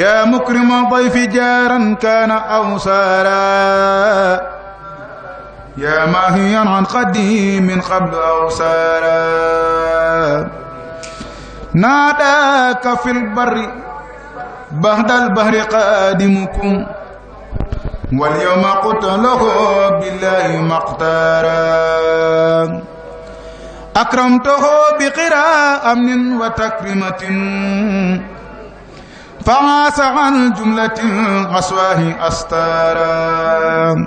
yaa mukrima dayfi jaaran kaana aw saara yaa maahiyan an qadiimin qablu aw saara naadaaka fil barri bahdal bahri qaadimukum wal yawma qutalahu billahi maqtaara akramtahu bi qiraa'atin wa takrimatin فعاس عن جملة أسواه أستارا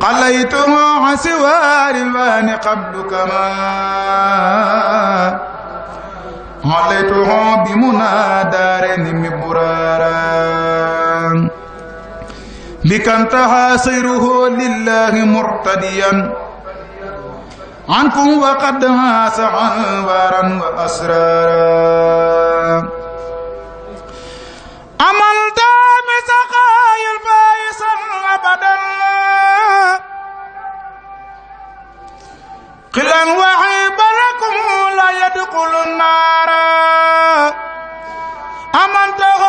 قليته عن سوار الوان قبل كما عليته بمنى دارين مبرارا بك انتهى سيره لله مرتديا عنكم وقد هاس عنوارا وأسرارا عملت بسقاي البائس أبدا قلا وعيب لكم لا يدخل النار أمنته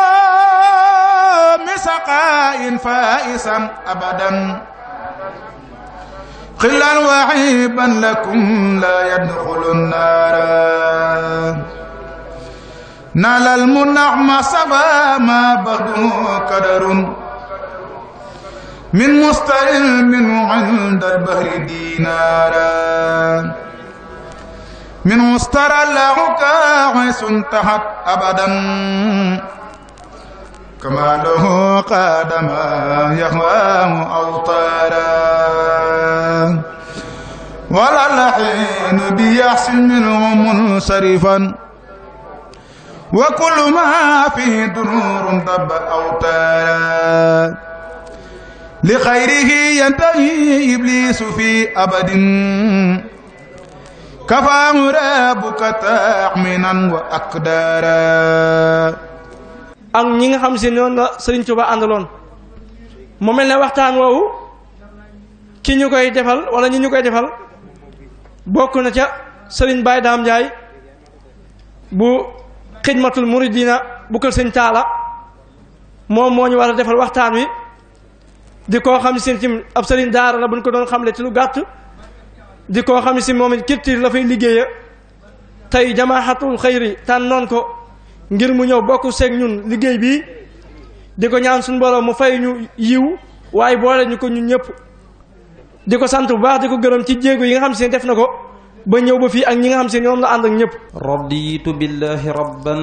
بسقاي فائسا أبدا قلا وعيبا لكم لا يدخل النار نال المنعم سبا ما بغوا قدر من مستر منه عند البهر دينارا من مستر لعك عيس تحت أبدا كما له قادما يهواه أوطارا ولا الحين بيحسن منه منصرفا وكل ما فيه دنور ضب أو تارا لخيره ينتهي إبليس في أبد كفاه ربك تأمنا وأقدارا ak ñi nga xam si noonu la Serigne Touba àndaloon mu mel ne waxtaan woowu ki ñu koy defal wala ñi ñu koy defal bokk na ca Serigne Baye Dame Ndiaye bu xidmatul muridina bu kër sëñ taala moom moo ñu war a defal waxtaan wi di koo xam si tim ab sëriñ daara la buñ ko doon xamle ci lu gàtt di koo xam si moom it kirtiir la fay liggéeya tey jamaaxatul xayri tànnoon ko ngir mu ñëw bokk seeg ñun liggéey bii di ko ñaan suñu borom mu fay ñu yiw waaye boole ñu ko ñun ñëpp di ko sant bu baax di ko gërëm ci jéego yi nga xam si ne def na ko ba ñëw ba fii ak ñi nga xam si ñoom la ànd ak ñëpp raditu billahi rabban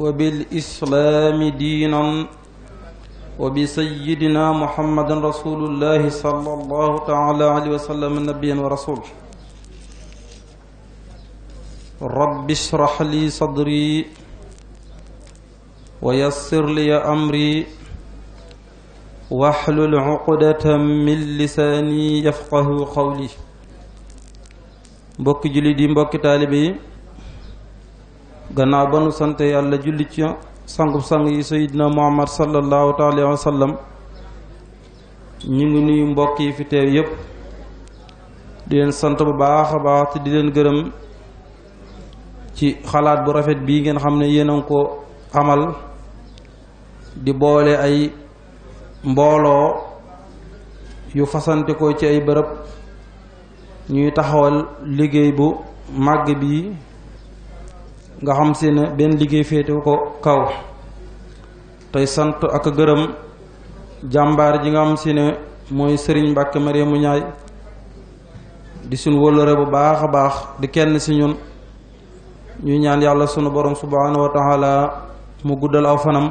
wa bil islaami diinan wa bi sayidina muhammadin rasulullahi sallallahu taala alayhi wa sallam nabiyan wa rasul rabbi israh li sadri wa yassir li amri wahlul uqdatan min lisaani yafqahu qawli mbokki jullit yi mbokki taalibe yi gannaaw ba nu sant yàlla julli ci sangub sang yi sayidna muhammad sallallahu taala wa sallam ñu ngi nuyu mbokk yi fi teew yépp di leen sant bu baax a baax te di leen gërëm ci xalaat bu rafet bii ngeen xam ne yéen a ngi ko amal di boole ay mbooloo yu fasante ko ci ay bërëb ñuy taxawal liggéey bu màgg bi nga xam si ne benn liggéey féetewu ko kaw tey sant ak gërëm jàmbaar ji nga xam si ne mooy sëriñ Mbàkke mu Ñaay di suñ wóllëre bu baax a baax di kenn si ñun ñuy ñaan yàlla sunu boroom subhaanahu wa taala mu guddal aw fanam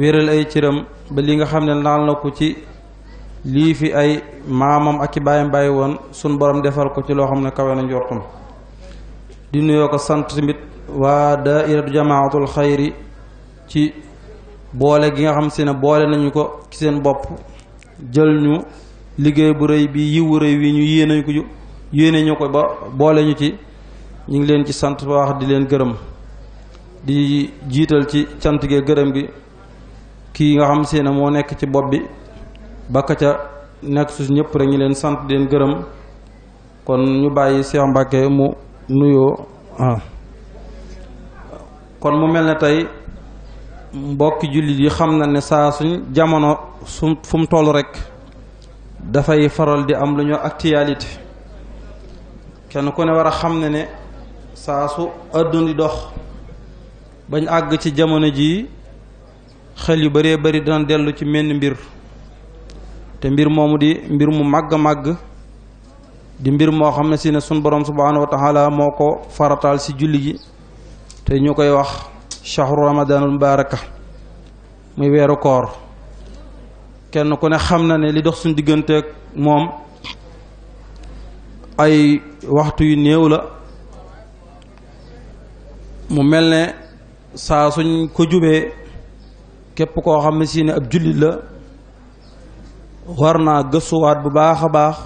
wéral ay cëram ba li nga xam ne naa na ko ci lii fi ay maamam ak i bàyyam bàyyi woon sun borom defal ko ci loo xam ne kawe na njortum di nuyoo ko sant tamit waa daairatu jamaatul xayri ci boole gi nga xam si ne boole nañu ko ci seen bopp jël ñu liggéey bu rëy bi yiwu rëy wi ñu yéene ko yéene ñu ko ba boole ñu ci ñu ngi leen ci sant baax di leen gërëm di jiital ci cant gee gërëm gi kii nga xam si moo nekk ci bopp bi ba ca nekk su ñëpp rek ñu leen sant di leen gërëm kon ñu bàyyi Cheikh Mbacke mu nuyoo ah. kon mu mel ne tey mbokki jullit yi xam na ne saa suñ jamono su fu mu toll rek dafay faral di am lu ñu actualité kenn ku ne war a xam na ne saa su àdduna di dox bañ àgg ci jamono jii xel yu baree bari dana dellu ci menn mbir te mbir moomu di mbir mu màgg a màgg di mbir moo xam ne si ne sun borom subhanahu wa taala moo ko farataal si julli gi te ñu koy wax chahru ramadanul mubaraka muy weeru koor kenn ku ne xam na ne li dox suñ digganteeg moom ay waxtu yu néew la mu mel ne saa suñ ko jubee képp koo xam ne si ne ab jullit la war naa gësuwaat bu baax a baax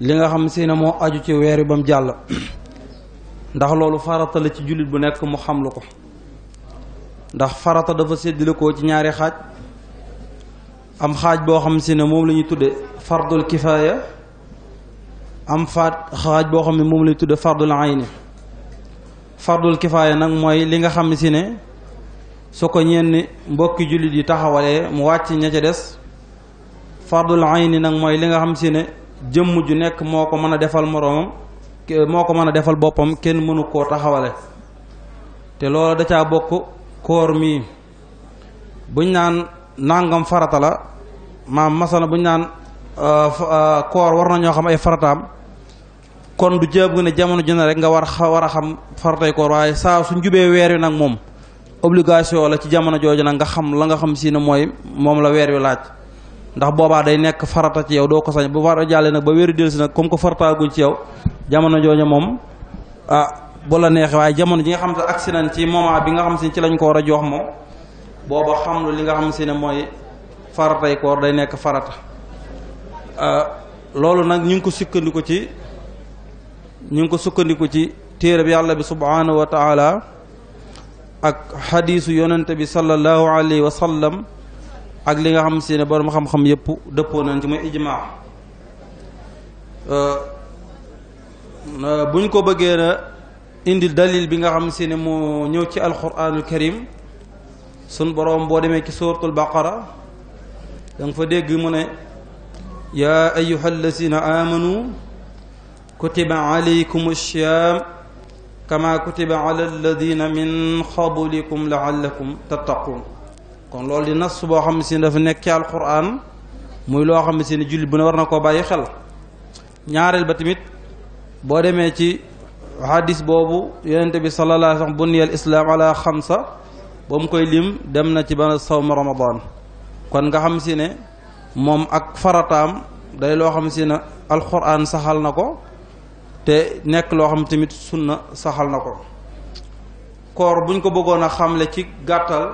li nga xam si ne moo aju ci weer yi ba mu jàll ndax loolu farata la ci jullit bu nekk mu xam lu ko ndax farata dafa séddale ko ci ñaari xaaj am xaaj boo xam si ne moom lañuy ñuy tudde fardul kifaaya am faat boo xam ne moom la ñuy tudde fardul ayni fardul kifaaya nag mooy li nga xam si ne su ko ñenn mbokki jullit yi taxawalee mu wàcc ña ca des fardul nii nag mooy li nga xam si ne jëmm ju nekk moo ko mën a defal moroomam moo ko mën a defal boppam kenn mënu koo taxawale te loolu da caa bokk koor mii buñ naan nangam farata la maam masala buñ naan euh, euh, koor war na ñoo xam ay farataam kon du jëb ne jamono ju ne rek nga war war a xam faratay koor waaye saa suñ jubee weer wi nag moom obligation la ci jamono jooju nag nga xam la nga xam sii ne mooy moom la weer wi laaj ndax boobaa day nekk farata ci yow doo ko sañ war a jàllee nag ba wéeru dellusi nag comme ko farataaguñ ci yow jamono jooju moom ah bu la neexee waaye jamono ji nga xam ne agsi nañ ci moment bi nga xam si ci lañ ko war a jox moom booba xam lu li nga xam si ne mooy faratay koor day nekk farata ah, loolu nag ñu ngi ko sukkandiku ci ñu ngi ko sukkandiku ci téere bi yàlla bi subhanahu wa taala ak xadiisu yonente bi sallallahu alayhi wa sallam ak li nga xam si ne borom xam-xam yëpp dëppoo nañ ci muy ijmaa euh, euh, bu ñu ko bëggee na indi dalil bi nga xam si ne mu ñëw ci alquranul karim sun borom boo demee ci suratul baqara da nga fa dégg mu ne yaa ayuha allazina amanu kutiba alaykum asiyam kama kutiba ala alladina min qablikum laallakum tattaqun kon loolu di nas boo xam ne si dafa nekk ci alquran muy loo xam ne si jullit bu ne war na ko bàyyi xel ñaareel ba tamit boo demee ci hadis boobu yonente bi sallallahu alayhi wa sallam buniyal islaam ala xamsa mu koy lim dem na ci ba sawm ramadan kon nga xam si ne moom ak farataam day loo xam si ne alquran saxal na ko te nekk loo xam tamit sunna saxal na ko koor buñ ko bëggoon a xamle ci gàttal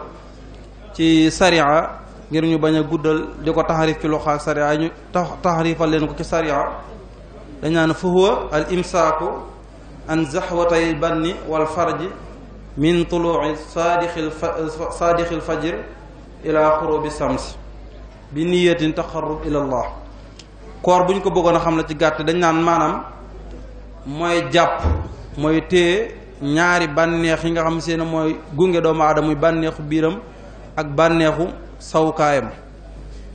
ci sariya ngir ñu bañ a guddal di ko taxarif ci loxo sariya ñu taxarifal leen ko ci sariya dañ naan fa huwa al imsaaku an zaxwatay banni wal farji min tuluuci saadixil saadixil fajr ila xurubi sams bi niyatin taqarrub ila allah koor bu ñu ko bëggoon a xam la ci gàtt dañ naan maanaam mooy jàpp mooy téye ñaari bànneex yi nga xam seen mooy gunge doomu aadama muy bànneexu biiram ak bànneexu sawkaayam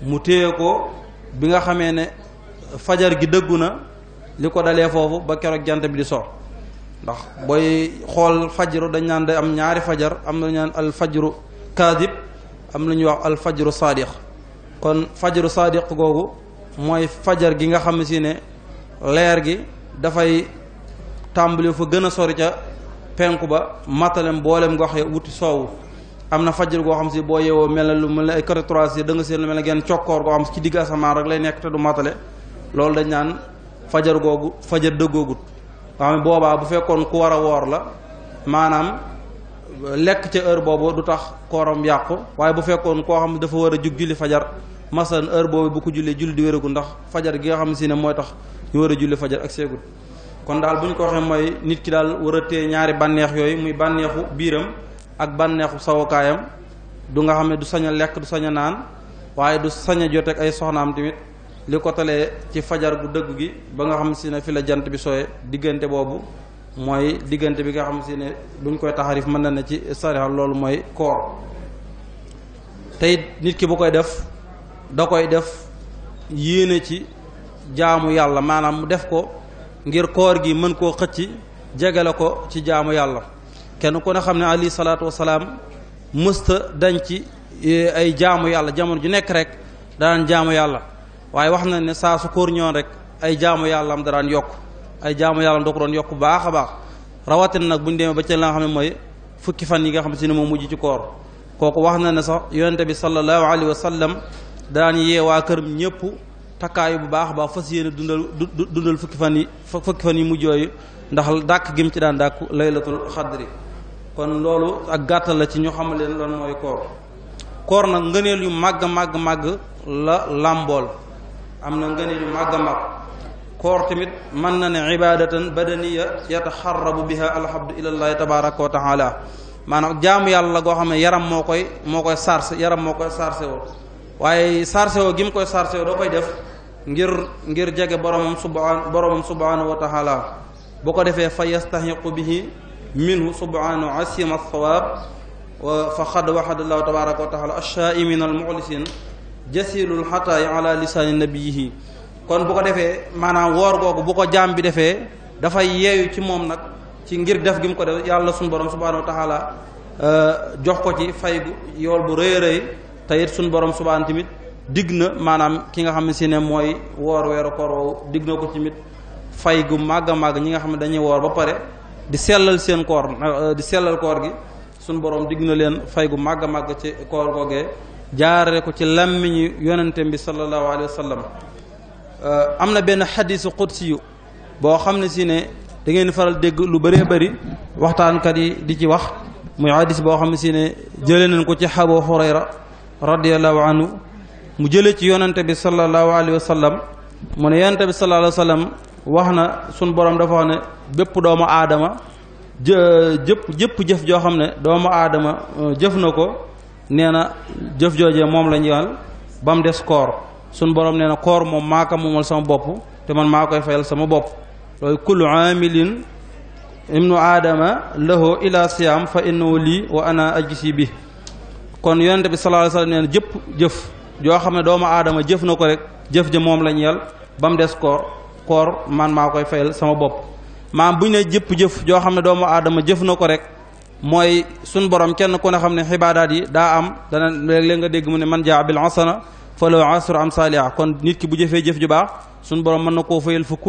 mu téye ko bi nga xamee ne fajar gi dëggu na li ko dalee foofu ba keroog jant bi di so ndax booy xool fajru dañ naan day am ñaari fajar am na ñu naan al fajru kaadib am na ñuy wax al fajru saadiq kon fajru saadiq googu mooy fajar gi nga xam si ne leer gi dafay tàmbali fa gën a sori ca penku ba matalem boolem gox ya wuti soowu am na fajar goo xam si boo yewoo mel na lu mel ne ay côté trois heures da nga seen lu mel ne genn cokkoor goo xam si ci digg asamaan rek lay nekk te du matale loolu dañ naan fajar googu fajar dëggoogut nga boobaa bu fekkoon ku war a woor la maanaam lekk ca heure boobu du tax kooram yàqu waaye bu fekkoon koo xam dafa war a jug julli fajar masalan heure boobu bu ko jullee julli di wéragu ndax fajar gi nga xam si ne mooy tax ñu war a julli fajar ak seegut kon daal bu ñu ko waxee mooy nit ki daal war a téye ñaari bànneex yooyu muy bànneexu biiram ak bànneexu sawukaayam du nga xam ne du sañ a lekk du sañ a naan waaye du sañ a joteeg ay soxnaam tamit li ko talee ci fajar gu dëggu gi ba nga xam si ne fi la jant bi sooyee diggante boobu mooy diggante bi nga xam si ne buñ koy taxarif mën na ne ci sariha loolu mooy koor tey nit ki bu koy def da koy def yéene ci jaamu yàlla maanaam def ko ngir koor gi mën koo xëcc jegele ko ci jaamu yàlla kenn ku ne xam ne alayhi salaatu wasalaam mësta dañ ci e, ay jaamu yàlla jamono ju nekk rek daan jaamu yàlla waaye wax na ne saa su kóor ñoon rek ay jaamu yàlla am daraan yokk ay jaamu yàlla am da ko doon yokk bu baax a baax rawatina nag bu ñu demee ba ci la nga xam ne mooy fukki fan yi nga xam si ne moo mujj ci koor kooku wax na ne sax yonente bi sallallahu alayhi wa sallam daan yee waa këram ñëpp takkaayu bu baax a baax fas yéene dundal dundal fukki fan yi fukki fan yi mujj yooyu ndax dàkk gi ci daan dàkku laylatul xadri kon loolu ak gàttal la ci ñu xamal leen lan mooy koor koor nag ngëneel yu màgg màgg màgg la làmbool am na ngëneel yu màgg màgg koor tamit mën na ne ibadatan badaniya yataxarabu biha alhabdu ilallahi tabaraka wa taala maanaam jaamu yàlla la goo xam ne yaram moo koy moo koy sarse yaram moo koy sarse woo waaye sarse woo gi mu koy sarse woo koy def ngir ngir jege boromam subhan boromam subhanahu wa taala bu ko defee fa yastaxiqu bihi minhu subhanahu asima sawaab wa faqad waxada allahu tabaraka wa taala ashaa'imin almuxlisin jasilul xataay ala lisaani nabiyihi kon bu ko defee maanaam woor googu bu ko jaam bi defee dafay yeeyu ci moom nag ci ngir def gi mu ko def yàlla suñu borom subhanahu wa taala euh, jox ko ci fay gu yool bu rëy rëy te it suñu borom subhanahu tamit digg na maanaam ki nga xam ne si ne mooy woor weeru koor woowu digg na ko tamit fay gu màgg a màgg ñi nga xam ne dañuy woor ba pare di sellal seen koor euh, di sellal koor gi suñ boroom digg na leen fay gu màgg a màgg ci koor googee jaarale ko ci làmmiñu yonente bi sallallahu alayhi wa sallam euh, am na benn xadiisu qudsi yu boo xam ne si ne da ngeen faral dégg lu bëree bari waxtaankat yi di ci wax muy xadiis boo xam ne si ne jële nañ ko ci Abu Hurayra radiyallahu anhu mu jële ci yonente bi sallallahu alayhi wa sallam mu ne yonente bi sallallahu alayhi wa wax na sunu borom dafa wax ne bépp doomu aadama jë jëpp jëf joo xam ne doomu aadama euh, jëf na ko nee na jëf joojee moom la ñu yal ba mu des koor sunu borom nee na koor moom maa ko moomal sama bopp te man maa koy fayal sama bopp loolu kullu amilin ibnu aadama lahu ila siyaam fa innahu lii wa ana ajisi bi kon yonente bi sallallahu alayhi wa sallam jëf joo xam ne doomu aadama jëf na ko rek jëf ja moom la yal ba mu des koor koor man maa koy fayal sama bopp maam bu ñu ne jëpp-jëf joo xam ne doomu aadama jëf na ko rek mooy suñ borom kenn ku a xam ne xibaadaat yi daa am dana léeg-léeg nga dégg mu ne man jaa bil asana falaw asru am saaliha kon nit ki bu jëfee jëf ju baax suñ borom mën na koo fayal fukk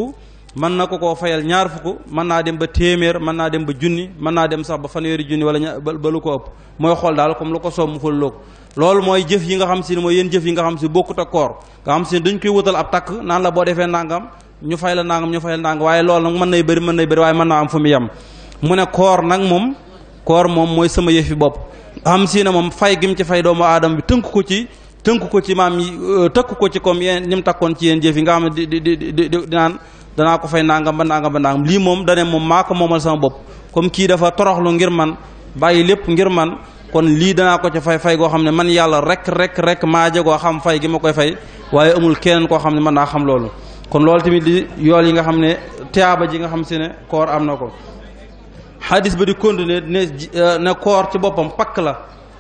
mën na ko koo fayal ñaar fukk mën naa dem ba téeméer mën naa dem ba junni mën naa dem sax ba fanweeri junni wala ba lu ko ëpp mooy xool daal comme lu ko soom mu ful ko loolu mooy jëf yi nga xam si ne mooy yéen jëf yi nga xam si bokkut ak koor nga xam si ne dañ koy wutal ab takk naan la boo defee nangam ñu fay la nangam ñu fay la nangam waaye loolu nag mën nay bëri mën nay bëri waaye mën naa am fu mu yem mu ne koor nag moom koor moom mooy sama yëfi bopp am si na moom fay gim ci fay doomu aadama tënk ko ci tënk ko ci maam euh, tëkk ko ci comme yéen ñi mu takkoon ci yéen jëf yi nga xam ne di di di di di naan danaa ko fay nangam ba ba nangam lii moom dane moom maa ko moomal sama bopp comme kii dafa toroxlu ngir man bàyyi lépp ngir man kon lii danaa ko ci fay goo xam ne man yàlla rek rek rek maa xam fay gi ma koy fay waaye amul keneen koo xam ne mën naa xam loolu kon loolu tamit di yool yi nga xam ne tiyaaba ji nga xam si ne koor am na ko xadis ba di continuer ne euh, ne koor ci boppam pakk la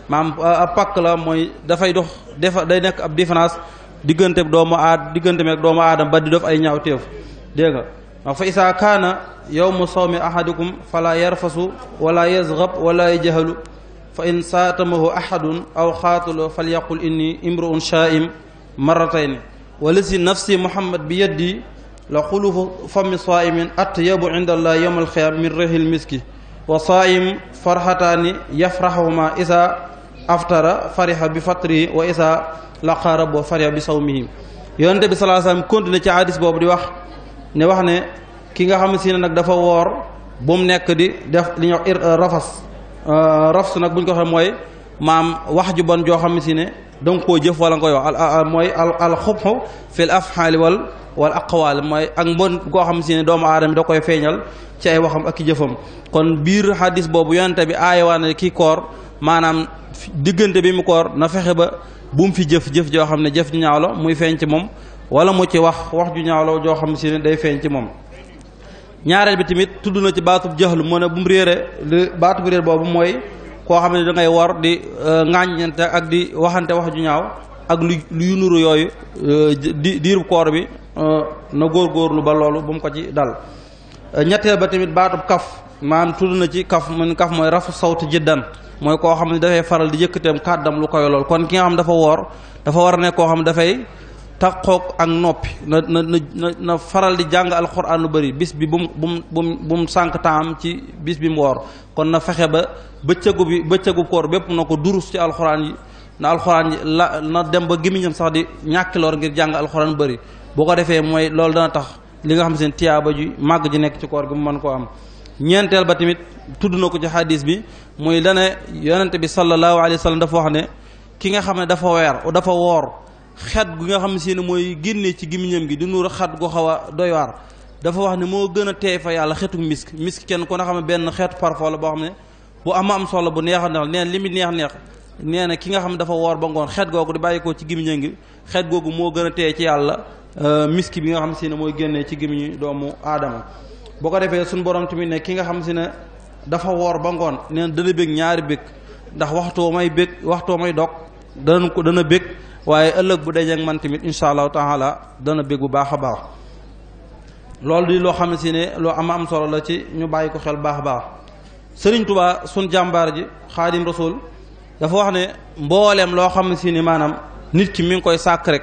maam euh, ab pakk la mooy dafay dox defa day nekk ab différence diggante doomu aad diggante doomu aadam ba di dof ay ñaaw téef dégg nga ndax fa isaa kaana yawmu sawmi ahadikum fala yarfasu wala yazgab wala yajhalu fa in saatamahu ahadun aw xaatalo falyaqul inni imruun shaa'im marratayni wala si nafsi muhammad bi yeddi la xulufu fami saimin atyabu inda allah yowma alxiyaam min rexil miski wa saim farxataani yafraxumaa isa aftara farixa bi fatrihi wa isa laqa rabbo farixa bi sawmihim yonente bi salaa salaam continué ci hadis boobu di wax ne wax ne ki nga xam si ne nag dafa woor bu mu nekk di def li ñuy wax rafas euh, rafs nag bu ñu ko waxee mooy maam wax ju bon joo xam ne si ne danga koo jëf wala nga koy wax mooy al xubxu fi l afxaali wal wal aqwaal mooy ak mbon koo xam si ne doomu aadama da koy feeñal ci ay waxam ak i jëfam kon biir xadis boobu yonente bi aayawaa ne kii koor maanaam diggante bi mu koor na fexe ba bu mu fi jëf jëf joo xam ne jëf ju ñaaw muy feeñ ci moom wala mu ci wax wax ju ñaalo joo xam si ne day feeñ ci moom ñaareel bi tamit tudd na ci baatub jaxlu moo ne bu mu réere li baatu bu boobu mooy koo xam ne da ngay wor di euh, ŋàññante ak di waxante wax ju ñaaw ak lu lu nuru yooyu euh, di diirub koor bi euh, na góor góorgóorlu ba loolu bu mu ko ci dal ñetteel ba tamit baatub kaf maanaam tudd na ci kaf mun kaf mooy rafu sawt jiddan mooy koo xam ne dafay faral di yëkkateem kàddam lu koy lool kon ki nga xam dafa woor dafa war a nekk koo xam dafay xook ak noppi na na na na faral di jàng alxuraan lu bëri bis bi bu mu bu mu bu mu sànq taam ci bis bi mu woor kon na fexe ba bëccëgu bi bëccëgu koor bépp na ko durus ci alxuraan yi na alxuraan yi la na dem ba gémmiñam sax di ñàkki lor ngir jàng alxuraan lu bëri boo ko defee mooy loolu dana tax li nga xam seen tiyaaba ji màgg ji nekk ci koor gi mu mën koo am ñeenteel ba tamit tudd na ko ci xadis bi mooy dane yonente bi sallallahu alayhi wa sallam dafa wax ne ki nga xam ne dafa weer dafa woor xet gu nga xam si ne mooy génnee ci gémmiñam gi di nuur xat gu xaw doy waar dafa wax ne moo gën a teey fa yàlla xetu misk misk kenn ku ne xam ne benn xeetu parfum la boo xam ne bu am am solo bu neex a neex nee na li neex nee na ki nga xam dafa woor ba ngoon xet googu ko ci gémmiñam gi xet moo gën a teey ci yàlla euh, misk bi nga xam si ne mooy génnee ci gémmiñu doomu aadama boo ko defee suñu borom tamit ne ki nga xam si ne dafa woor ba ngoon nee na dana bég ñaari bég ndax waxtoo may bég waxtoo may dog danañ ko dana bég waaye ëllëg bu dajeeg man tamit incha allahu taala dana bég bu baax a baax loolu di loo xam si ne loo am am solo la ci ñu bàyyi ko xel baax a baax sëriñ tubaa sun jàmbaar ji xaadim rasul dafa wax ne mbooleem loo xam si ne maanaam nit ki mi ngi koy sàkk rek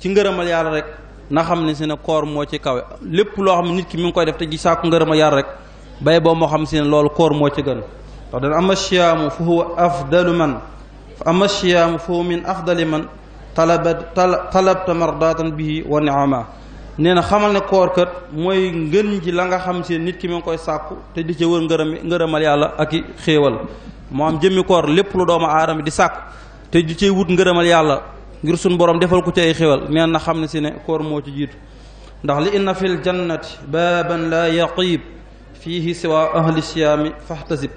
ci ngërëmal yàlla rek na xam ne si ne koor moo ci kawe lépp loo xam ne nit ki mu ngi koy def te ji sàkku ngërëmal yàlla rek bay boo moo xam si ne loolu koor moo ci gën ndax dana ama siyaamu fa ama siyaamu foo min afdali man talabat talabta mardatan wa niama nee na xamal ne koor kat mooy ngën ji la nga xam si nit ki moo koy sàkku te di ca wër ngërëm ngërëmal yàlla ak i xéewal jëmmi koor lépp lu doomu aadama di sàkku te di cay wut ngërëmal yàlla ngir suñ borom defal ko ci ay xéewal nee na xam ne si ne koor moo ci jiitu ndax li inna fil jannati baaban la yaqib fiihi siwa ahli siyaami fahtasib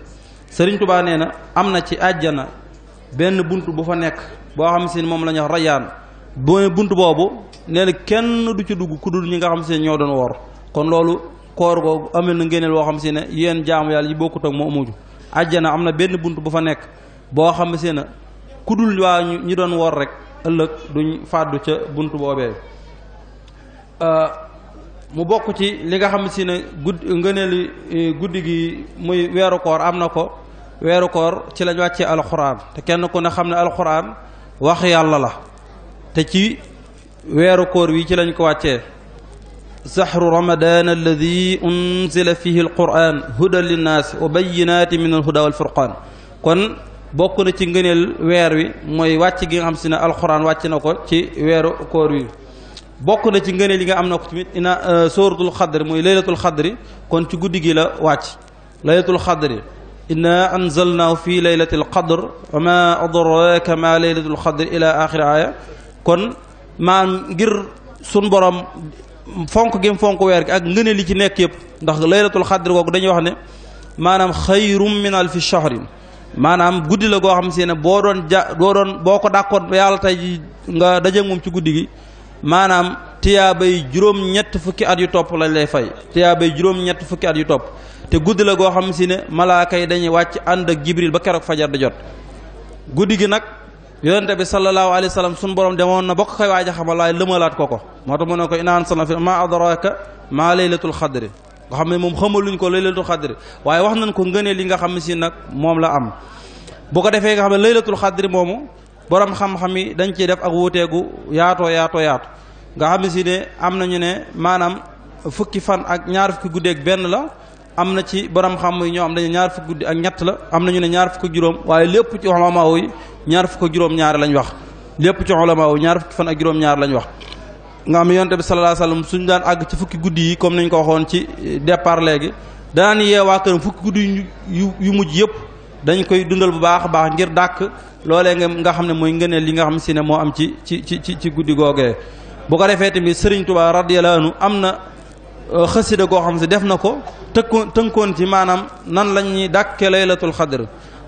sëriñ Tubaa nee na am na ci àjjana benn bunt bu fa nekk boo xam si ne moom la ñu wax rayaan boo bunt boobu nee kenn du ci dugg ku dul ñi nga xam si ne ñoo doon wor kon loolu koor googu amel na ngeeneel woo xam si ne yéen jaamu yàlla yi bokkut ak moo amuju ajjana am na benn bunt bu fa nekk boo xam si ne ku dul waa ñi doon wor rek ëllëg duñ fàddu ca bunt boobee euh, mu bokk ci li nga xam si ne gudd ngëneeli eh, guddi gi muy weeru koor am na ko weeru koor ci lañ wàccee alxuraan te kenn ku ne xam ne alxuraan wax yàlla la te ci weeru koor wi ci lañ ko wàccee sahru ramadan alladi unzila fihi alquran hudan linnaas wa bayinaati min alhuda walfurqaan kon bokk na ci ngëneel weer wi mooy wàcc gi nga xam si ne alxuraan wàcc na ko ci weeru koor wi bokk na ci ngëneel yi nga am na ko tamit ina euh, sóoratul xadri mooy laylatul xadri kon ci guddi gi la wàcc laylatul xadri inna anzalnaahu fi laylatil qadr wa ma adraaka ma laylatul qadr ila axiri aaya kon maam ngir sun borom fonk gi fonk weer gi ak ngëne li ci nekk yëpp ndax laylatul xadr googu dañuy wax ne maanaam xayrum min alfi shahri maanaam guddi la goo xam si ne boo doon ja boo doon boo ko dàkkoon yàlla tey nga daje moom ci guddi gi maanaam tiyaabay juróom-ñett fukki at yu topp lañ lay fay tiyaabay juróom-ñett fukki at yu topp te guddi la goo xam si ne malaaka yi dañuy wàcc ànd ak jibril ba keroog fajar di jot guddi gi nag yonente bi sallallahu alayhi wa sallam sunu borom demoon na bokk koy waaj a xamal waaye lëmalaat ko ko moo tax mu ne ko inaan sana fi ma adraka maa laylatul xadri nga xam ne moom xamaluñ ko laylatul xadri waaye wax nañ ko ngënee li nga xam ne si nag moom la am boo ko defee nga xam ne laylatul xadri moomu borom xam yi dañ ciy def ak wuuteegu yaatoo yaatoo yaatu nga xam ne si ne am nañu ne maanaam fukki fan ak ñaar fukki guddi ak benn la am na ci borom xam yi ñoo am dañu ñaar fukki guddi ak ñett la am nañu ne ñaar fukki juróom waaye lépp ci wax ulama yi ñaar fukki juróom ñaar lañ wax lépp ci ulama yi ñaar fukki fan ak juróom ñaar lañ wax nga xam ne yonte bi sallallahu alayhi wasallam suñu daan àgg ci fukki guddi yi comme nañ ko waxoon ci départ léegi danaan yeewaa kër fukki guddi yu yu mujj yëpp dañ koy dundal bu baax a baax ngir dàkk loolee nga nga xam ne mooy ngëneel li nga xam si ne moo am ci ci ci ci guddi googee bu ko defee tamit Serigne Touba radiyallahu anhu am na euh, xasida koo xam si def na ko tëkkoon tënkoon ci maanaam nan la ñuy dàkke laylatul xadr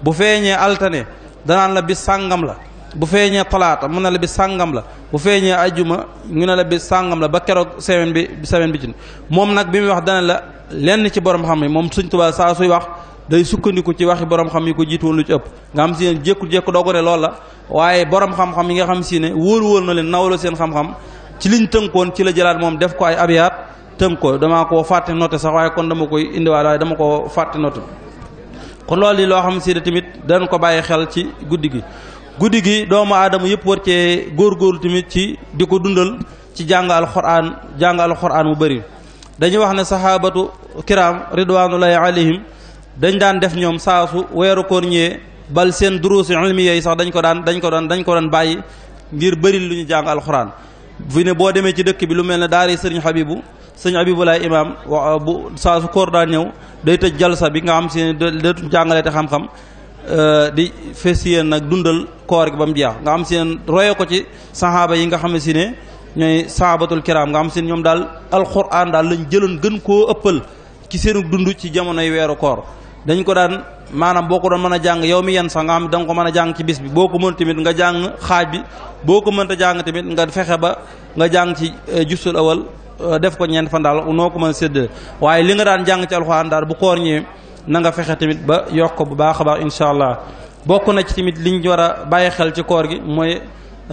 bu feeñee altane danaan la bis sàngam la bu feeñee talaata mun na la bis sàngam la bu feeñee ajjuma ñu ne la bis sàngam la ba keroog semaine bi semaine bi ci moom nag bi muy wax dana la lenn ci borom xam ne moom Serigne Touba saa suy wax day sukkandiku ci waxi borom xam yi ko jiitu woon lu ci ëpp nga am si ne jékku-jékku dogu ne loolu la waaye borom xam-xam yi nga xam si ne wóor wóor na leen nawloo seen xam ci li ñu tënkoon ci la jëlaat moom def ko ay abiyaat tënk ko damaa koo fàtte noté sax waaye kon dama koy indiwaat waaye dama ko fàtte noté kon loolu yi loo xam si ne tamit dañ ko bàyyi xel ci guddi gi guddi gi doomu aadama yëpp war cee góorgóorlu tamit ci di ko dundal ci jàng alxuraan jàng alxuraan mu bari dañuy wax ne saxaabatu kiraam ridwanullahi alayhim dañ daan def ñoom saasu weeru koor ñëwee bal seen duruusi ilmiya yi sax dañ ko daan dañ ko daan dañ ko daan bàyyi ngir bëri lu ñu jàng alxuraan fi ne boo demee ci dëkk bi lu mel ne daara sëriñ Habibu sëriñ Habibu laay imaam wa uh, bu saa su koor daan ñëw day tëj jalsa bi nga xam si dootuñ jàngale te xam-xam uh, di fes yéen nag dundal koor gi ba mu jeex nga am seen ne ko ci saxaaba yi nga xam si ne ñooy saxaabatul kiraam nga am seen ñoom daal alxuraan daal lañu jëloon gën koo ëppal ci seenu dund ci jamonoy weeru koor dañ ko daan maanaam boo ko doon mën a jàng yow mi yenn sax nga xam da ko mën a jàng ci bis bi boo ko mën tamit nga jàng xaaj bi boo ko mënta jàng tamit nga fexe ba nga jàng ci eh, justul awal eh, def ko ñeent fan daal noo ko mën a séddale waaye li nga daan jàng ci alxuraan daal bu koor ñëwee na nga fexe tamit ba yokk bu baax a baax incha allah bokk na ci tamit ñu war a bàyyi xel ci koor gi mooy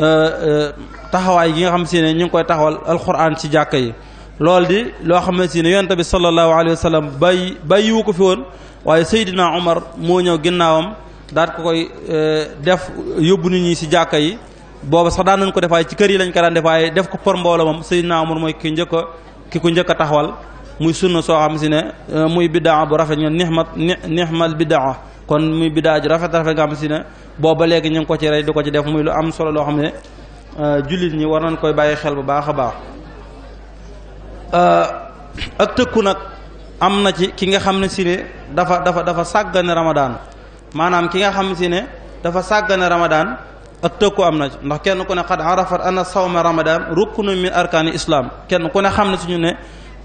eh, taxawaay gi nga xam si ne ñu ngi koy taxawal alxuraan ci jàkk yi loolu di loo xam ne si ne yonent bi sallallahu alayhi wa bàyyi bàyyiwu ko fi woon. waaye Seydina Omar moo ñëw ginnaawam daal ko koy e, def yóbbu nit ñi ci jàkka yi booba sax daan nañ ko defaay ci kër yi lañ ko daan defaay def ko por mbooloo moom Seydina Omar mooy ki njëkk a ki ko njëkk a taxawal muy sunna soo xam si ne e, muy bidaa bu rafet ñoom nixmat nixmal bidaa kon muy bidaa ju rafet rafet nga xam si ne booba léegi ñu ngi ko ci rey di ko ci def muy lu am solo loo xam ne e, jullit ñi war nañ koy bàyyi xel bu baax a baax ak tëkku nag am na ci ki nga xam ne si ne dafa dafa dafa sàggane ramadaan maanaam ki nga xam si ne dafa sàggane ramadaan ak tëkku am na ci ndax kenn ku ne xad arafat ana sawma ramadaan ruknu min arkaani islam kenn ku ne xam ne suñu ne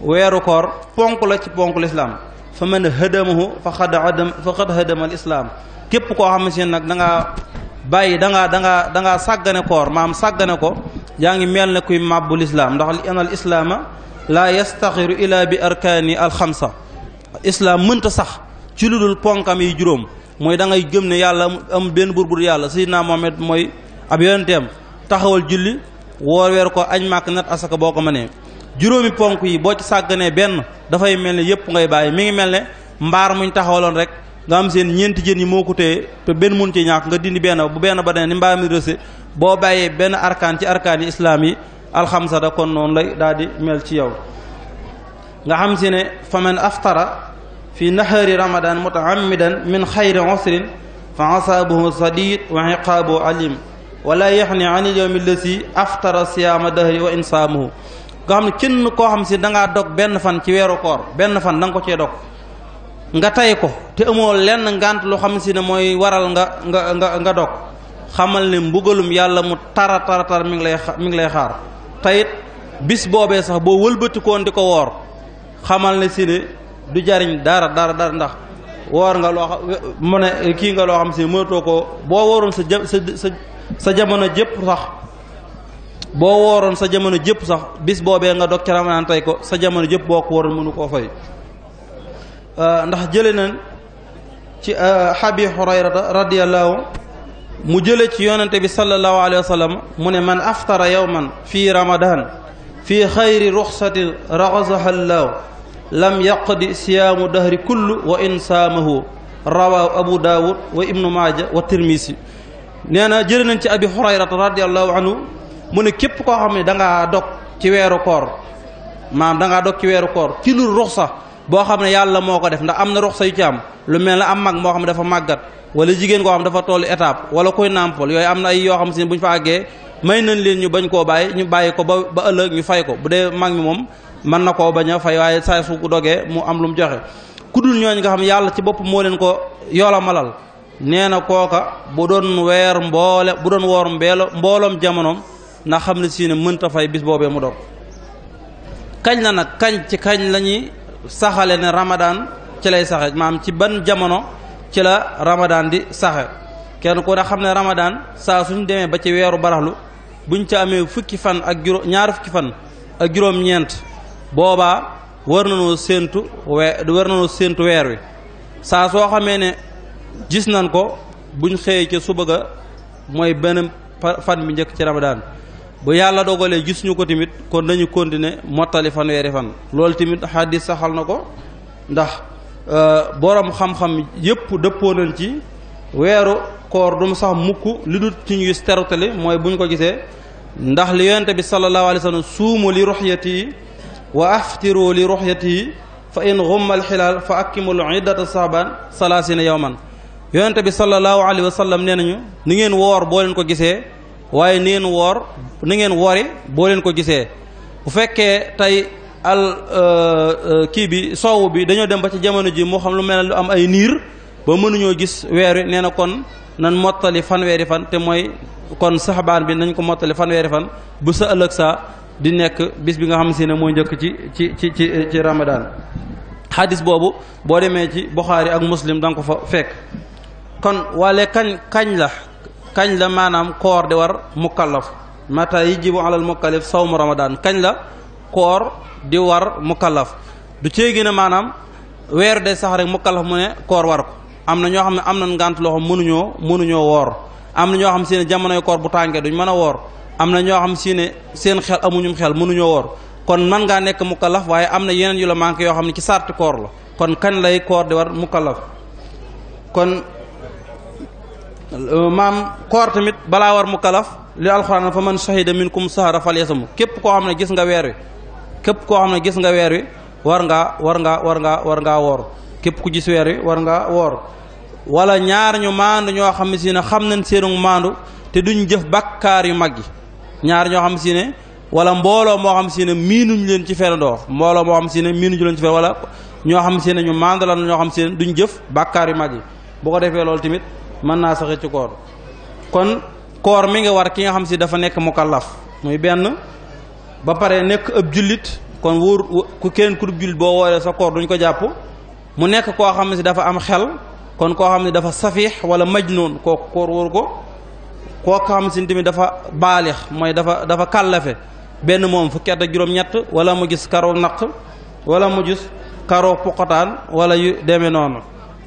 weeru koor ponk la ci ponk lislaam fa man hadamahu fa xad adam fa xad hadama al islaam képp koo xam ne si nag da ngaa bàyyi da ngaa da da ngaa sàggane koor maam sàggane ko yaa ngi mel ne kuy màbbu lislaam ndax li anal islaama laa yastaxiru ilaa bi arkaani alxamsa islaam mënta sax ci lu dul ponkam yi juróom mooy da ngay gëm ne yàlla am benn buur bu dul yàlla sayyidina Muhammad mooy ab yonenteem taxawal julli woor weer ko añ màkk nat asaka boo ko mënee juróomi ponk yi boo ci sàgganee benn dafay mel ne yépp ngay bàyyi mi ngi mel ne mbaar muñ taxawaloon rek nga am seen ñeenti jën yi moo ko téye te benn mun ci ñàkk nga dindi benn bu benn ba dene ni mbaar mi rëse boo bàyyee benn arkaan ci islaam yi alxamsa da kon noonu lay daal di mel ci yow nga xam si ne fa aftara fi nahari ramadan mutaammidan min xayri usrin fa asaabuhu sadid wa iqaabu alim wala yaxni an il yowmi lesi aftara siyaama dahri wa insaamuhu nga xam ne kenn koo xam si danga dog benn fan ci weeru koor benn fan da nga ko cee dog nga tay ko te amoo lenn ngànt lu xam si ne mooy waral nga nga nga nga dog xamal ne mbugalum yàlla mu tara tara tar mi ngi lay mi ngi lay xaar tayit bis boobee sax boo wëlbatikoon di ko woor xamal ne si ne du jariñ dara dara dara ndax woor nga loo xam mu ne kii nga loo xam si mënatoo ko boo wooroon sa sa sa jamono jëpp sax boo wooroon sa jamono jëpp sax bis boobee nga dog ci ramadaan tey ko sa jamono jépp boo ko wooroon mënu koo fay ndax jële nañ ci ah, abi hurayrata radiyallahu mu jële ci yonente bi sallallahu alayhi wa mu ne man aftara yawman fii ramadan fii xayri ruxsatin raxasaha llaahu lam yaqdi siyaamu dahri kullu wa in saamahu rawahu abu daawud wa ibnu maaja wa tirmisi nee na jële nañ ci abi hurayrata radiallahu anhu mu ne képp koo xam ne danga dog ci weeru koor maanaam dangaa dog ci weeru koor ci lu boo xam ne yàlla moo ko def ndax am na rox sayu ci am lu mel ne am mag moo xam ne dafa màggat wala jigéen koo xam dafa tollu étape wala koy nàmpal yooyu am na ay yoo xam si ne bu ñu fa àggee may nañ leen ñu bañ koo bàyyi ñu bàyyi ko ba ba ëllëg ñu fay ko bu dee mag mi moom mën na koo bañ a fay waaye saa su dogee mu am lu mu joxe ku dul ñooñu nga xam yàlla ci bopp moo leen ko yoola malal nee na kooka bu doon weer mboole bu doon woor mbeelo mbooloom jamonoom na xam ne si ne mënta bis boobee mu dog saxale ne ramadaan ci lay saxe maam ci ban jamono ci la Ramadan di saxe kenn ku ne xam ne ramadaan saa suñ demee ba ci weeru baraxlu buñ ca amee fukki fan ak juróom ñaar fukki fan ak juróom-ñeent boobaa wër nañoo séentu we war nañoo séentu weer wi saa soo xamee ne gis nañ ko buñ xëyee ca suba ga mooy benn fan bi njëkk ci Ramadan. bu yàlla dogalee gisuñu ko tamit kon nañu continuer mottali fanweeri fan loolu tamit xadis saxal na ko ndax euh, borom xam-xam yépp dëppoo nañ ci weeru koor du mu sax mukk li du ci ñu gis terutali mooy buñ ko gisee ndax li yonente bi sallallahu alayhi wa sallam suumu li ruxyati wa aftiru li ruxyati fa in gumma alxilaal fa akimul iddata saban salaasina yowman yonente bi sallallahu alayhi wa sallam nee nañu ni ngeen woor boo leen ko gisee waaye ni ngeen woor ni ngeen woori boo leen ko gisee bu fekkee tey al euh, euh, kii bi soow bi dañoo dem ba ci jamono ji moo xam lu mel ne lu am ay niir ba mënuñoo gis weer wi nee na kon nan mottali fanweeri fan te mooy kon saxbaan bi nañ ko mottali fanweeri bu sa ëllëg saa di nekk bis bi nga xam si ne mooy njëkk ci ci ci ci ci ramadaan xadis boobu boo demee ci Buxaari ak Muslim da ko fa fekk kon wale kañ kañ la kañ la maanaam koor di war mu mukallaf mata yajibu alal mukallaf sawmu ramadan kañ la koor di war mukallaf du ceegi ne maanaam weer day sax rek mukallaf mu ne koor war ko am na ñoo xam ne am na ngànt loo mënuñoo mënuñoo woor am na ñoo xam si jamonoy koor bu tàngee duñ mën a woor am na ñoo xam si ne seen xel amuñum xel mënuñoo woor kon mën ngaa nekk mu mukallaf waaye am na yeneen yu la manqué yoo xam ne ci sarti koor la kon kañ lay koor di war mukallaf kon Euh, maam koor tamit balaa war mu kalaf li alxuraan fa man shahida minkum sahara falyasamu képp koo xam ne gis nga weer wi képp koo xam ne gis nga weer wi war ngaa war ngaa war ngaa war ngaa woor képp ku gis weer wi war nga woor wala ñaar ñu maandu ñoo xam ne si ne xam nañ seenu maandu te duñu jëf bakkaar yu mag yi ñaar ñoo xam si ne wala mbooloo moo xam si ne miinuñ leen ci fenandoo mbooloo moo xam si ne miinuñ leen ci fen wala ñoo xam si ñu maandu na ñoo xam si ne jëf bakkaar yu mag yi bu ko defee loolu tamit mën naa saxe ci koor kon koor mi nga war ki nga xam si dafa nekk mu mukallaf muy benn ba pare nekk ab jullit kon wóor ku keneen ku dub jullit boo wooree sa koor duñ ko jàpp mu nekk koo xam si dafa am xel kon koo xam ne dafa safiix wala noonu kooku koor wóor ko kooku xam si tamit dafa baalix mooy dafa dafa kàllafe benn moom fukki at juróom-ñett wala mu gis karo naq wala mu gis karo poqotaan wala yu demee noonu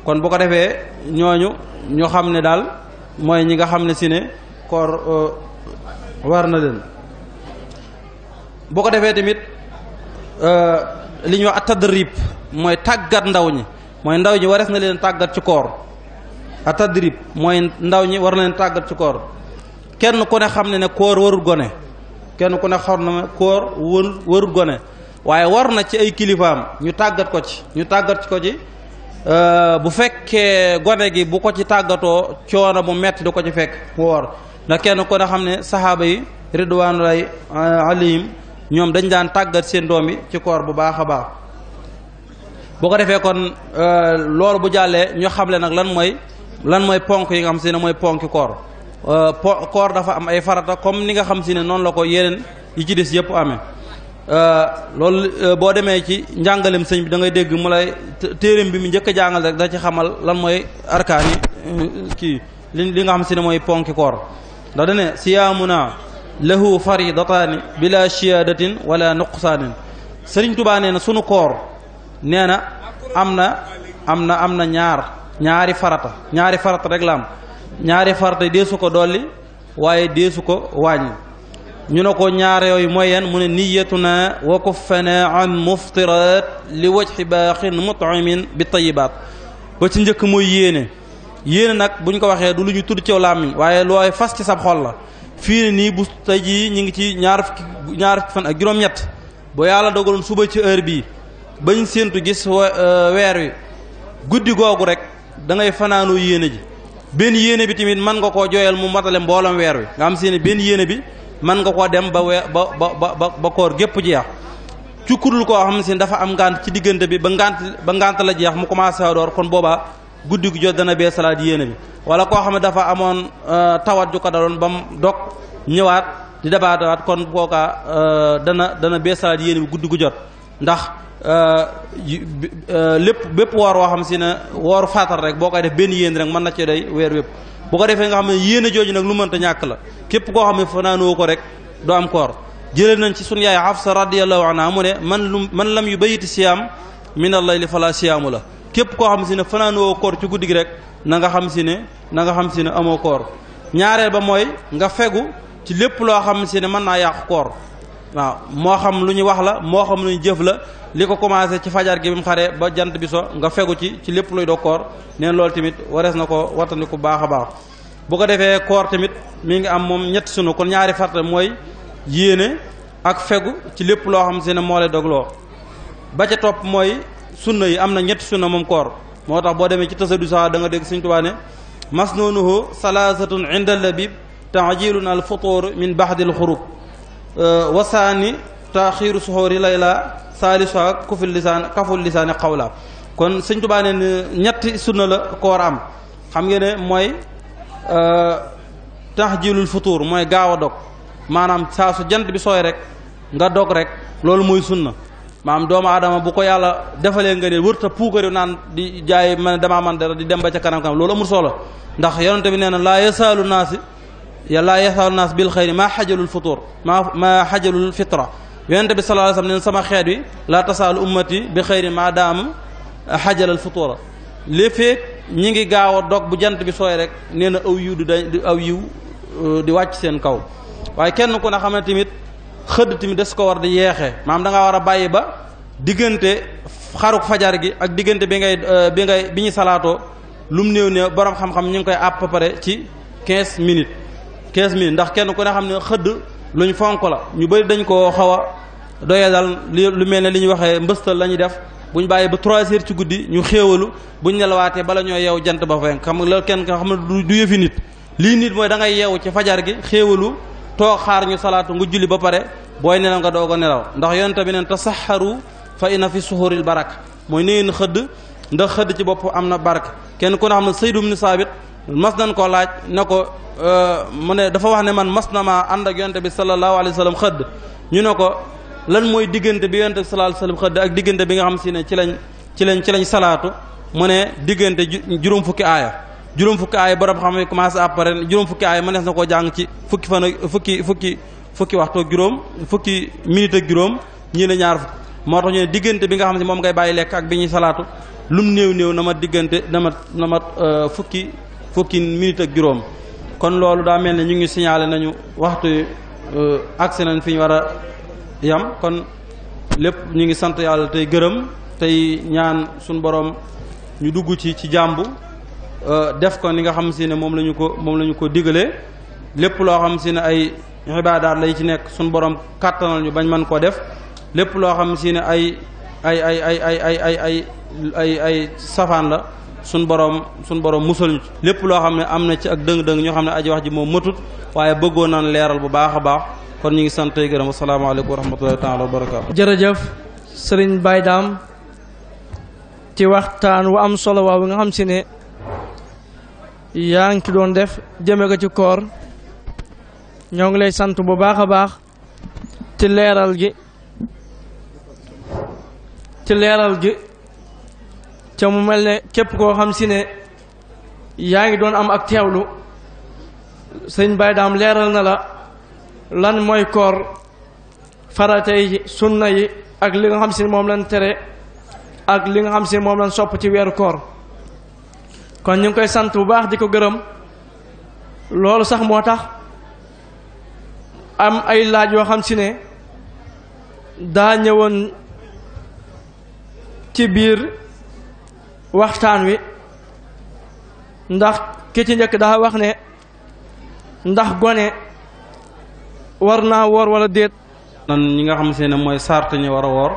kon boo ko defee ñooñu ñu xam ne daal mooy ñi nga xam ne si ne koor euh, war na leen boo ko defee tamit euh, li ñuy wax atadrib mooy tàggat ndaw ñi mooy ndaw ñi warees na leen tàggat ci koor atadrib mooy ndaw ñi war na leen tàggat ci koor kenn ku ne xam ne ne koor warul gone kenn ku ne xam na koor warul warul gone waaye war na ci ay kilifaam ñu tàggat ko ci ñu tàggat ko ci Euh, bu fekkee gone gi bu ko ci tàggatoo coono bu metti du ko ci fekk woor ndax kenn kon a xam ne saxaaba yi ridwaanulaay alayhim ñoom dañ daan tàggat seen doom yi ci koor bu baax a baax boo ko defee kon euh, loolu bu jàllee ñu xamle nag lan mooy lan mooy ponk yi nga xam si ne mooy ponki koor euh, po koor dafa am ay farata comme ni nga xam si ne noonu la ko yeneen yi ci des yëpp amee Euh, loolu euh, boo demee ci njàngalem sëñ bi da ngay dégg mu lay téereem bi mu njëkk a jàngal rek da ci xamal lan mooy arkaani euh, kii li li nga xam si ne mooy ponki koor ndax dane siyaamuna lahu faridataani bila shiyaadatin wala nuqsaanin sëriñ tubaa nee na sunu koor nee na am na am na am na ñaar ñaari farata ñaari farata rek la am ñaari farata deesu ko dolli waaye deesu ko wàññi ñu ne ko ñaar yooyu mooy yan mu ne niyatuna wa kuffana an muftirat li wajhi baaxin mut'imin bi tayyibaat ba ci njëkk mooy yéene yéene nag bu ñu ko waxee du lu ñu tudd ci làmmiñ waaye looy fas ci sab xol la fii nii bu tey jii ñu ngi ci ñaar fukki ñaar fukki fan ak juróom-ñett bu yàlla dogaloon suba ci heure bii bañ séentu gis euh, weer wi guddi googu rek dangay fanaanoo yéene ji benn yéene bi tamit mën nga koo jooyal mu matale mboolam weer wi nga am seeni benn yéene bi mën nga koo dem ba we ba ba ba ba koor gépp jeex ci kurul koo xam si dafa am ngant ci diggante bi ba ngant ba ngant la jeex mu commencé door kon boobaa guddi gi jot dana bee salaat yéene bi wala koo xam ne dafa amoon euh, tawat ju ko daloon ba mu dog ñëwaat di dabaatawaat kon kooka euh, dana dana bee salaat yéene bi guddi gu jot ndax Euh, euh, lépp bépp woor woo xam si ne woor faatar rek boo koy def benn yéen rek mën na ci day weer wépp bu ko defee nga xam ne yéen jooju nag lu mënta ñàkk la képp koo xam ne fanaanoo ko rek du am nañ ci sunu yaay Hafsa radiyallahu anha mu ne man lu man lam yu bayiti siyaam min al-layli fala siyaamu la képp koo xam si ne fanaanoo koor ci guddi gi rek na nga xam si ne na nga xam si ne amoo koor ñaareel ba mooy nga fegu ci lépp loo xam si ne mën naa yàqu koor waaw moo xam lu ñu wax la moo xam lu ñu jëf la li ko commencé ci fajar gi bi mu xaree ba jant bi so nga fegu ci ci lépp luy doo koor neen loolu tamit warees na ko wattandiku baax a baax bu ko defee koor tamit mi ngi am moom ñett sunu kon ñaari farta mooy yéene ak fegu ci lépp loo xam si ne moo lay dogloo ba ca topp mooy sunna yi am na ñetti sunna moom koor moo tax boo demee ci tasadu saa da nga dégg Sëriñ Tuubaa ne masnunuhu salaasatun inda labib taajilun al futur min baxdil xurub Euh, wasaani taaxiiru soxoori layla saalisa kuful lisaan kaful lisaani xawla kon sëñ Tuubaa ne ñetti sunna la koor am xam ngeen ne mooy euh, tahjilul futuur mooy gaaw a dog maanaam saa su jant bi sooy rek nga dog rek loolu mooy sunna maanaam doomu aadama bu ko yàlla defalee nga ne wërta puukari naan di jaay man damaa man dara di dem ba ca kanam kanam loolu amul solo ndax yonente bi nee na laa yasaalu naasi yàlla yasaal naas bil xayri maa xajalul futur maa maa xajalul fitra yonente bi sallallahu alayhi wasallam sama xeet wi laa tasaal ummati bi xayri maa daam xajalal futura li feeg ñi ngi gaaw a dog bu jant bi sooy rek nee na aw yiw di di aw euh, di wàcc seen kaw waaye kenn ku ne xam ne tamit xëdd tamit des ko war di yeexee maam da war a bàyyi ba diggante xaruk fajar gi ak diggante bi ngay euh, bi ngay bi ñu salaatoo lum néew ne borom xam-xam ñu ngi koy àpp pare ci 15 minutes. quinze mille ndax kenn ku ne xam ne xëdd luñ fonk la ñu bëri dañ koo xaw a lu mel ne li ñu waxee mbëstal la ñuy def bu ñu bàyyi ba trois ci guddi ñu xéewalu bu ñu nelawaatee bala ñoo yeew jant ba fenk xam nga loolu kenn nga xam ne du yëfi nit lii nit mooy da ngay yeewu ci fajar gi xéewalu toog xaar ñu salaatu nga julli ba pare booy nelaw nga doog a nelaw ndax yonent bi neen tasaxaru fa ina fi suhuril barak mooy neen xëdd ndax xëdd ci bopp am na barke kenn ku xam ne Sayd mas nañ koo laaj ne ko euh, mu ne dafa wax ne man mas na maa ànd ak yonte bi sallallahu alayhi wa sallam xëdd ñu ne ko lan mooy diggante bi yonte bi sallallahu xëdd ak diggante bi nga xam si ne ci lañ ci ci lañ salaatu mu ne diggante juróom fukki aaya juróom fukki aaya borom xam ne commencé après juróom fukki aaya mënees na koo jàng ci fukki fan fukki fukki fukki waxtu juróom fukki minute ak juróom ñii ñaar fukk moo diggante bi nga xam ne moom ngay bàyyi lekk ak bi ñuy salaatu lum néew néew na ma diggante na ma na ma euh, fukki fukki minute ak juróom kon loolu daa mel ne ñu ngi signalé nañu waxtu euh, agsi nañ fi ñu war a yam kon lépp ñu ngi sant yàlla tey gërëm tey ñaan suñu borom ñu dugg ci ci jàmbu euh, def ko ni nga xam si ne moom lañu ko moom lañu ko digalee lépp loo xam si ne ay ibaadaat lay ci nekk suñu borom kàttanal ñu bañ mën koo def lépp loo xam ne ay ay ay ay ay ay ay ay ay ay safaan la sun borom sun borom musal ñu lépp loo xam ne am na ci ak dëng-dëng ñoo xam ne aji wax ji moom matut waaye bëggoon naan leeral bu baax a baax kon ñu ngi sant tey gërëm asalaamaaleykum wa rahmatullahi taala wa barakaatu jërëjëf sëriñ Baye Dame ci waxtaan wu am solo waaw nga xam si ne yaa ngi ci doon def jëme ko ci koor ñoo ngi lay sant bu baax a baax ci leeral gi ci leeral gi ca mu mel ne képp koo xam si ne yaa ngi doon am ak teewlu sëñ bay Daam leeral na la lan mooy koor farata yi sunna yi ak li nga xam si ne moom lañ tere ak li nga xam si ne moom lañ sopp ci weeru koor kon ñu ngi koy sant bu baax di ko gërëm loolu sax moo tax am ay laaj yoo xam si ne daa ñëwoon ci biir waxtaan wi ndax ki ci njëkk daa wax ne ndax gone war naa woor wala déet nan ñi nga xam see ne mooy sart ñi war a woor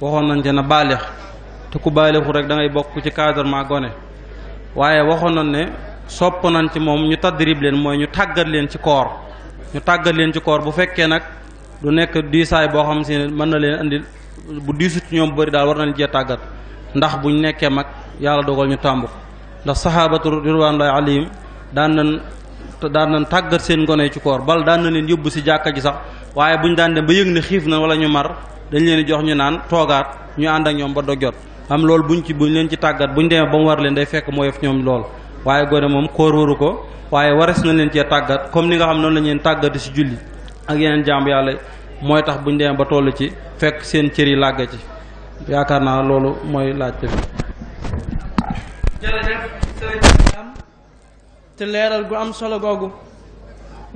waxoon nañ te na baalix te ku baalixu rek da bokk ci cadrement gone waaye waxoon na ne sopp nañ ci moom ñu tadrib leen mooy ñu tàggat leen ci koor ñu tàggat leen ci koor bu fekkee nag du nekk diisaay boo xam si ne mën na leen indi bu diisu ci ñoom bari daal war nañ jee tàggat ndax buñ nekkee mag yàlla dogal ñu tàmbu ndax saxaabatu ridwanullahi alayhim daan nañ daan nañ tàggat seen ngone ci koor bal daan na leen yóbbu si jàkka ji sax waaye buñ daan dem ba yëg ne xiif na wala ñu mar dañ leen jox ñu naan toogaat ñu ànd ak ñoom ba dog jot am loolu buñ ci bu buñ leen ci tàggat bu buñ dem ba mu war leen day fekk mooyof ñoom lool waaye gone moom koor waru ko waaye wares na leen cee tàggat comme ni nga xam noonu la ñeen tàggati si julli ak jàmb yàlla mooy tax buñ demee ba toll ci fekk seen cër yi làgga ci yaakaar naa loolu mooy laaj bi te leeral gu am solo googu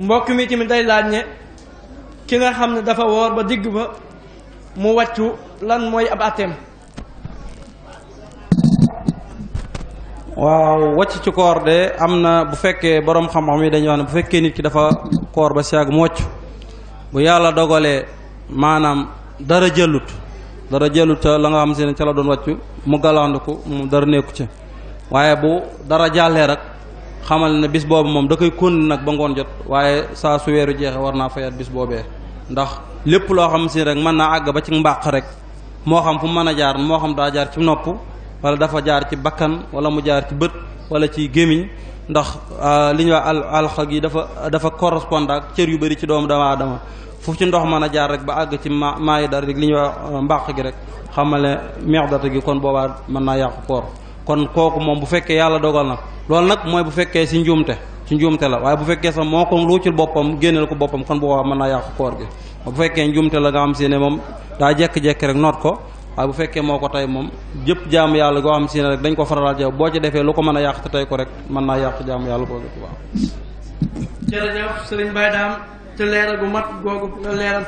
mbokk mi tamit day laaj ne ki nga xam ne dafa woor ba digg ba mu wàccu lan mooy ab àtteem waaw wàcc ci koor de am na bu fekkee boroom xam-xam yi dañuy wax ne bu fekkee nit ki dafa koor ba si àgg mu wàcc bu yàlla dogalee maanaam dara jëlut dara jëlu ca la nga xam si ne ca la doon wàcc mu galaandiku mu dara nekku ca waaye bu dara jàllee rek xamal ne bis boobu moom da koy kónni nag ba ngoon jot waaye saa su weeru jeexe war naa fayaat bis boobee ndax lépp loo xam si rek mën naa àgg ba ci mbàq rek moo xam fu mën a jaar moo xam daa jaar ci nopp wala dafa jaar ci bakkan wala mu jaar ci bët wala ci gémmiñ ndax ah, li ñuy wax al alxa dafa dafa correspond ak cër yu bari ci doomu dama adama fu ci ndox mën a jaar rek ba àgg ci ma maayi dara rek li ñuy wax euh, mbàq gi rek xamale meexdata gi kon boobaa mën naa yàqu koor kon kooku moom bu fekkee yàlla dogal na loolu nag mooy bu fekkee si njuumte ci njuumte la waaye bu fekkee sax moo ko luucul boppam génneel ko boppam kon boobaa mën naa yàqu koor gi bu fekkee njuumte la nga xam si ne moom daa jekk-jekk rek noot ko waaye bu fekkee moo ko tey moom jëpp jaamu yàlla goo xam si ne rek dañ ko faral jaw boo ci defee lu ko mën a yàq te tey ko rek mën naa yàq jaamu yàlla boobu waaw jërëjëf sëriñ te leeral mat googu nga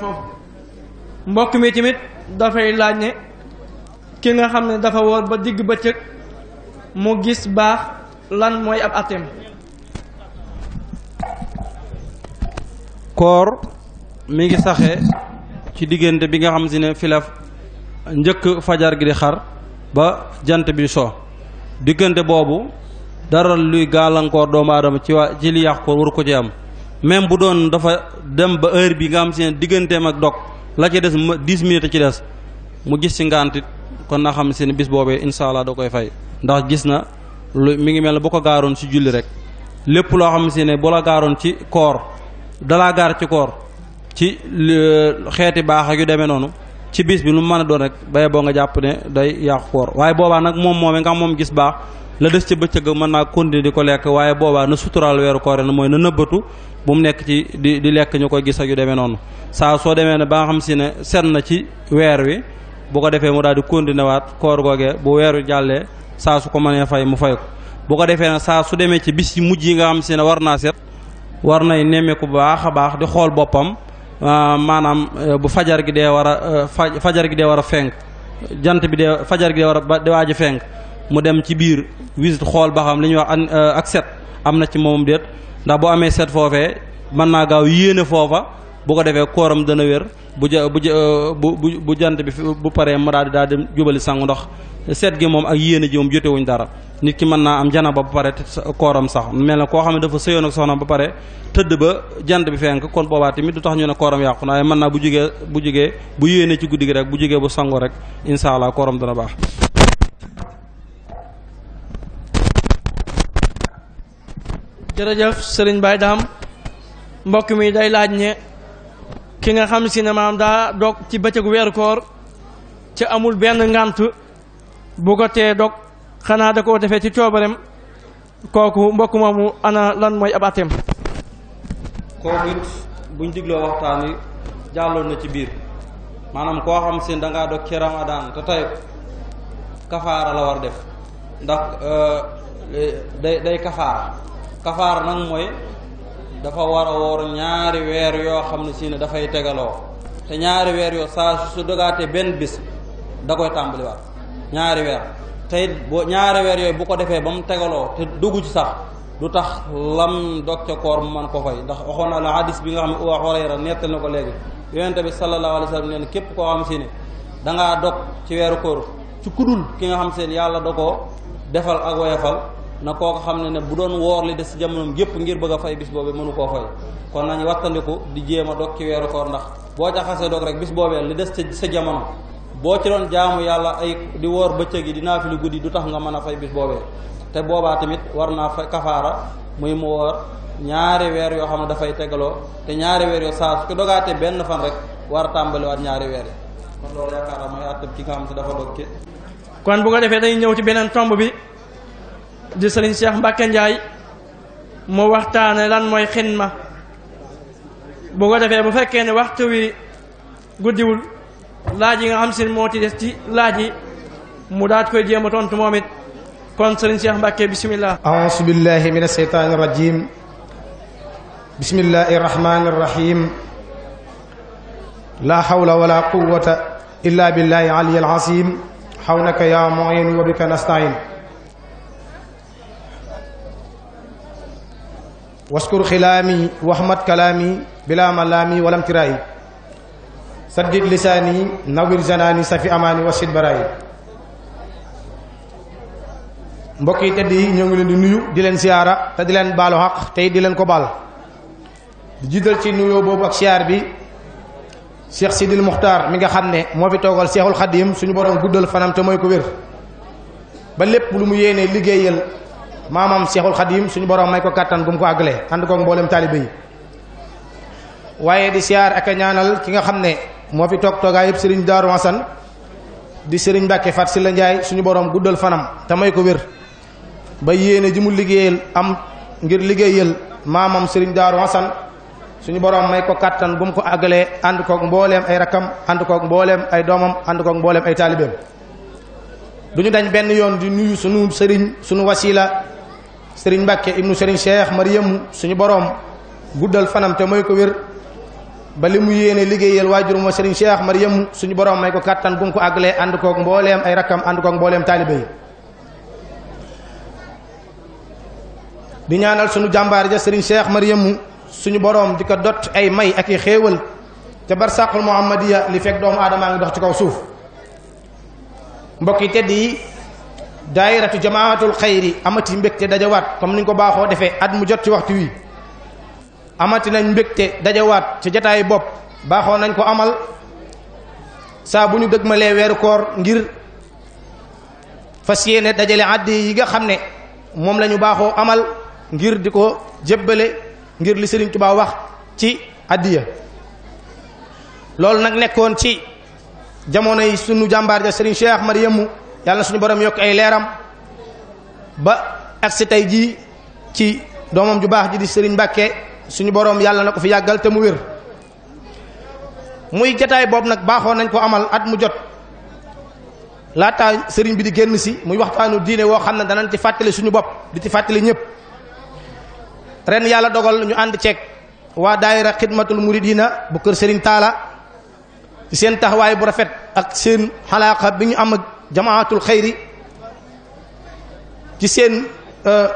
mbokk mi tamit dafay laaj ne ki nga xam ne dafa woor ba digg bëccëg mu gis baax lan mooy ab atem koor mi ngi saxe ci diggante bi nga xam si ne fi njëkk fajar gi di xar ba jant bi so diggante boobu dara luy gàllankoor doomu aadama ci waa ci li ko waru ko ci am même bu doon dafa dem ba heure bi nga am seen digganteem ak dog la ca des ma dix minutes ci des mu gis ci ngaantit kon na xam ne bis boobee incha allah da koy fay ndax gis na lu mi ngi mel ne bu ko gaaroon ci julli rek lépp loo xam si ne bu la gaaroon ci koor dalaa gaar ci koor ci euh, xeeti baax ak yu demee noonu ci bis bi lu mën a doon rek baye boo nga jàpp ne day yàqu koor waaye boobaa nag moom moomee nga moom gis baax la des ca bëccëg mën naa continuer di ko lekk waaye boobaa na suturaal weeru koor na mooy na nëbbatu bu mu nekk ci di di lekk ñu ko gis ak yu demee noonu saa soo demee ne ba nga xam si ne set na ci weer wi bu ko defee mu daal di continuer waat koor googee bu weer wi jàllee saa su ko mënee fay mu fay ko bu ko defee ne saa su demee ci bis si mujj yi nga xam si ne war naa set war nay nemmeeku bu baax a baax di xool boppam ah, maanaam eh, bu fajar gi dee war a eh, fajar gi dee war a fenk jant bi dee fajar gi dee war a di waaj fenk mu dem ci biir visite xool ba xam li ñuy wax eh, ak set am na ci moom déet ndax bu amee seet foofee mën naa gaaw yéene foofa bu ko defee kooram dana wér bu ja bu euh, bu bu jant bi bu paree ma daal di daal dem jubali sangu ndox seet gi moom ak yéene ji moom jotewuñ dara nit ki mën naa am jana ba pare kooram sax mel na koo xam ne dafa sëyoon ak soxna ba pare tëdd ba jant bi fenk kon boobaa tamit du tax ñu ne kooram yàqu na waaye mën naa bu jugee bu jugee bu yéene ci guddi gi rek bu jigee bu sangu rek incha allah kooram dana baax. jërëjëf sëriñ Baye Dame mbokk mi day laaj ne ki nga xam si ne maam daa dog ci bëccëgu weeru koor ca amul benn ngànt bu ko tee dog xanaa da koo defee ci coobarem kooku mbokk moomu ana lan mooy ab atem kooku buñ digloo waxtaan wi jàlloon na ci biir maanaam koo xam si ne dangaa dog ci ramadaan te tey kafaara la war def ndax euh, day day kafaara kafaara nag mooy dafa war a woor ñaari weer yoo xam ne si ne dafay tegaloo te ñaari weer yoo saa su dogaatee benn bis da koy tàmbaliwaat ñaari weer tey boo ñaari weer yooyu bu ko defee ba mu tegaloo te dugg ci sax du tax lam dog ca koor mu mën ko koy ndax waxoon na la hadis bi nga xam ne Abu Hurayra nettal na ko léegi yonente bi sallallahu alayhi wa sallam neen képp koo xam si ne dangaa dog ci weeru koor ci kudul ki nga xam seen yàlla da koo defal ak woyefal na koo xam ne ne bu doon woor li des si jamonoom yépp ngir bëgg a fay bis boobee mënu koo fay kon nañu wattandiku di jéem a dog ci weeru koor ndax boo ca xasee rek bis boobee li des sa jamono boo ci doon jaamu yàlla ay di woor bëccëg yi di naafilu guddi du tax nga mën a fay bis boobee te boobaa tamit war naa fa kafaara muy mu woor ñaari weer yoo xam ne dafay tegaloo te ñaari weer yoo saa su ko dogaatee benn fan rek war a tàmbaliwaat ñaari weer yi kon loolu yaakaar naa mooy àttab ki nga xam ne di sëriñ Cheikh Mbacke Ndiaye mu waxtaane lan mooy xidma bu ko defee bu fekkee ne waxtu wi guddiwul laaj yi nga xam si moo ci des ci laaj yi mu daat koy jéem a tontu moom it kon sëriñ Cheikh Mbacke bisimilah. aouzu billahi min asheytaani rajim bismillahi rahmani rahim la hawla wala quwata illa billahi aliyyil azim xaw naka yaa muin wa bika nastain waskur xilaami waxmat kalaami bila malaami walam tiraayi saddid lisaani nawir zanaani safi amaani wasit baraayi mbokk yi di yi ñoo ngi leen di nuyu di leen siyaara te di leen baalu xaq tey di leen ko baal di jiital ci nuyoo boobu ak siyaar bi Cheikh Sidil Muxtaar mi nga xam ne moo fi toogal Seexul Xadiim suñu borom guddal fanam te mooy ko wér ba lépp lu mu yéenee liggéeyal maamam Cheikhul Khadim suñu borom may ko kàttan gu mu ko àggalee ànd koog mboolem taalibe yi waaye di siyaar ak a ñaanal ki nga xam ne moo fi toog toogaa yëpp Serigne Darou Hassane di Serigne Mbacke Fat Sylla Ndiaye suñu borom guddal fanam te may ko wér ba yéene ji mu liggéeyal am ngir liggéeyal maamam sëriñ Darou Hassane suñu borom may ko kàttan gu mu ko àggalee ànd kook mbooleem ay rakkam ànd kook mbooleem ay doomam ànd koog mbooleem ay taalibeem duñu dañ benn yoon sëriñ Mbàkke ibnu sëriñ Cheikh Mariyamu suñu boroom guddal fanam te mooy ko wér ba li mu yéene liggéeyal waajurum wa sëriñ Cheikh Mariyamu suñu boroom may ko kàttan gu ko àggalee ànd koog mbooleem ay rakkam ànd koog mbooleem taalibe yi di ñaanal suñu jàmbaar ja sëriñ Cheikh Mariyamu suñu boroom di ko dot ay may ak i xéewal te barsàqul Muhammadiya li fekk doomu aadamaa ngi dox ci kaw suuf mbokki tedd yi daayiratu jamaatul xayri amati mbégte dajawaat comme ni ñu ko baaxoo defee at mu jot ci waxtu wi amati nañ mbégte dajawaat ci jataay bopp baaxoo nañ ko amal saa bu ñu dëgmalee weeru koor ngir fas yéene dajale addi yi nga xam ne moom la ñu baaxoo amal ngir di ko jébbale ngir li Sëriñ Tuubaa wax ci addiya loolu nag nekkoon ci jamono yi sunu jàmbaar ja Sëriñ Cheikh Ahmad yàlla na suñu borom yokk ay leeram ba agsi tey jii ci doomam ju baax ji di sëriñ Mbacke suñu borom yàlla na ko fi yàggal te mu wér muy jataay boobu nag baaxoon nañ ko amal at mu jot laata sëriñ bi di génn si muy waxtaanu diine woo xam ne danañ ci fàttali suñu bopp di ci fàttali ñëpp ren yàlla dogal ñu ànd ceeg waa daayira xidmatul muridina bu kër Serigne Talla seen taxawaay bu rafet ak seen xalaaxa bi ñu am jamaatul xayri ci seen euh,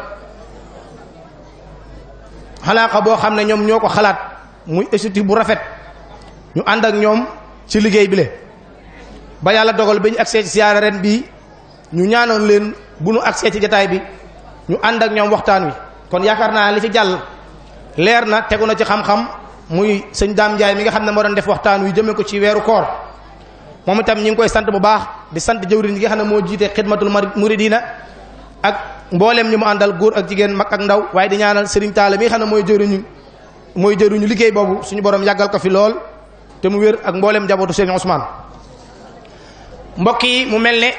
xalaaka boo xam ne ñoom ñoo ko xalaat muy institut bu rafet ñu ànd ak ñoom ci liggéey bi le ba yàlla dogal ba ñu agsee ci ren bii ñu ñaanoon leen bu ñu agsee ci jataay bi ñu ànd ak ñoom waxtaan wi kon yaakaar naa li ci jàll leer na tegu na ci xam-xam muy sëñ Daam Njaay mi nga xam ne moo doon def waxtaan wi jëmee ko ci weeru koor moom itam ñi ngi koy sant bu baax di sant jëwriñ yi nga xam ne moo jiite xidmatul muridina ak mbooleem ñu mu àndal góor ak jigéen mag ak ndaw waaye di ñaanal Serigne Talla mi nga xam mooy jëwriñu mooy jëwriñu liggéey boobu suñu borom yàggal ko fi lool te mu wér ak mbooleem njabootu Serigne Ousmane mbokk yi mu mel ne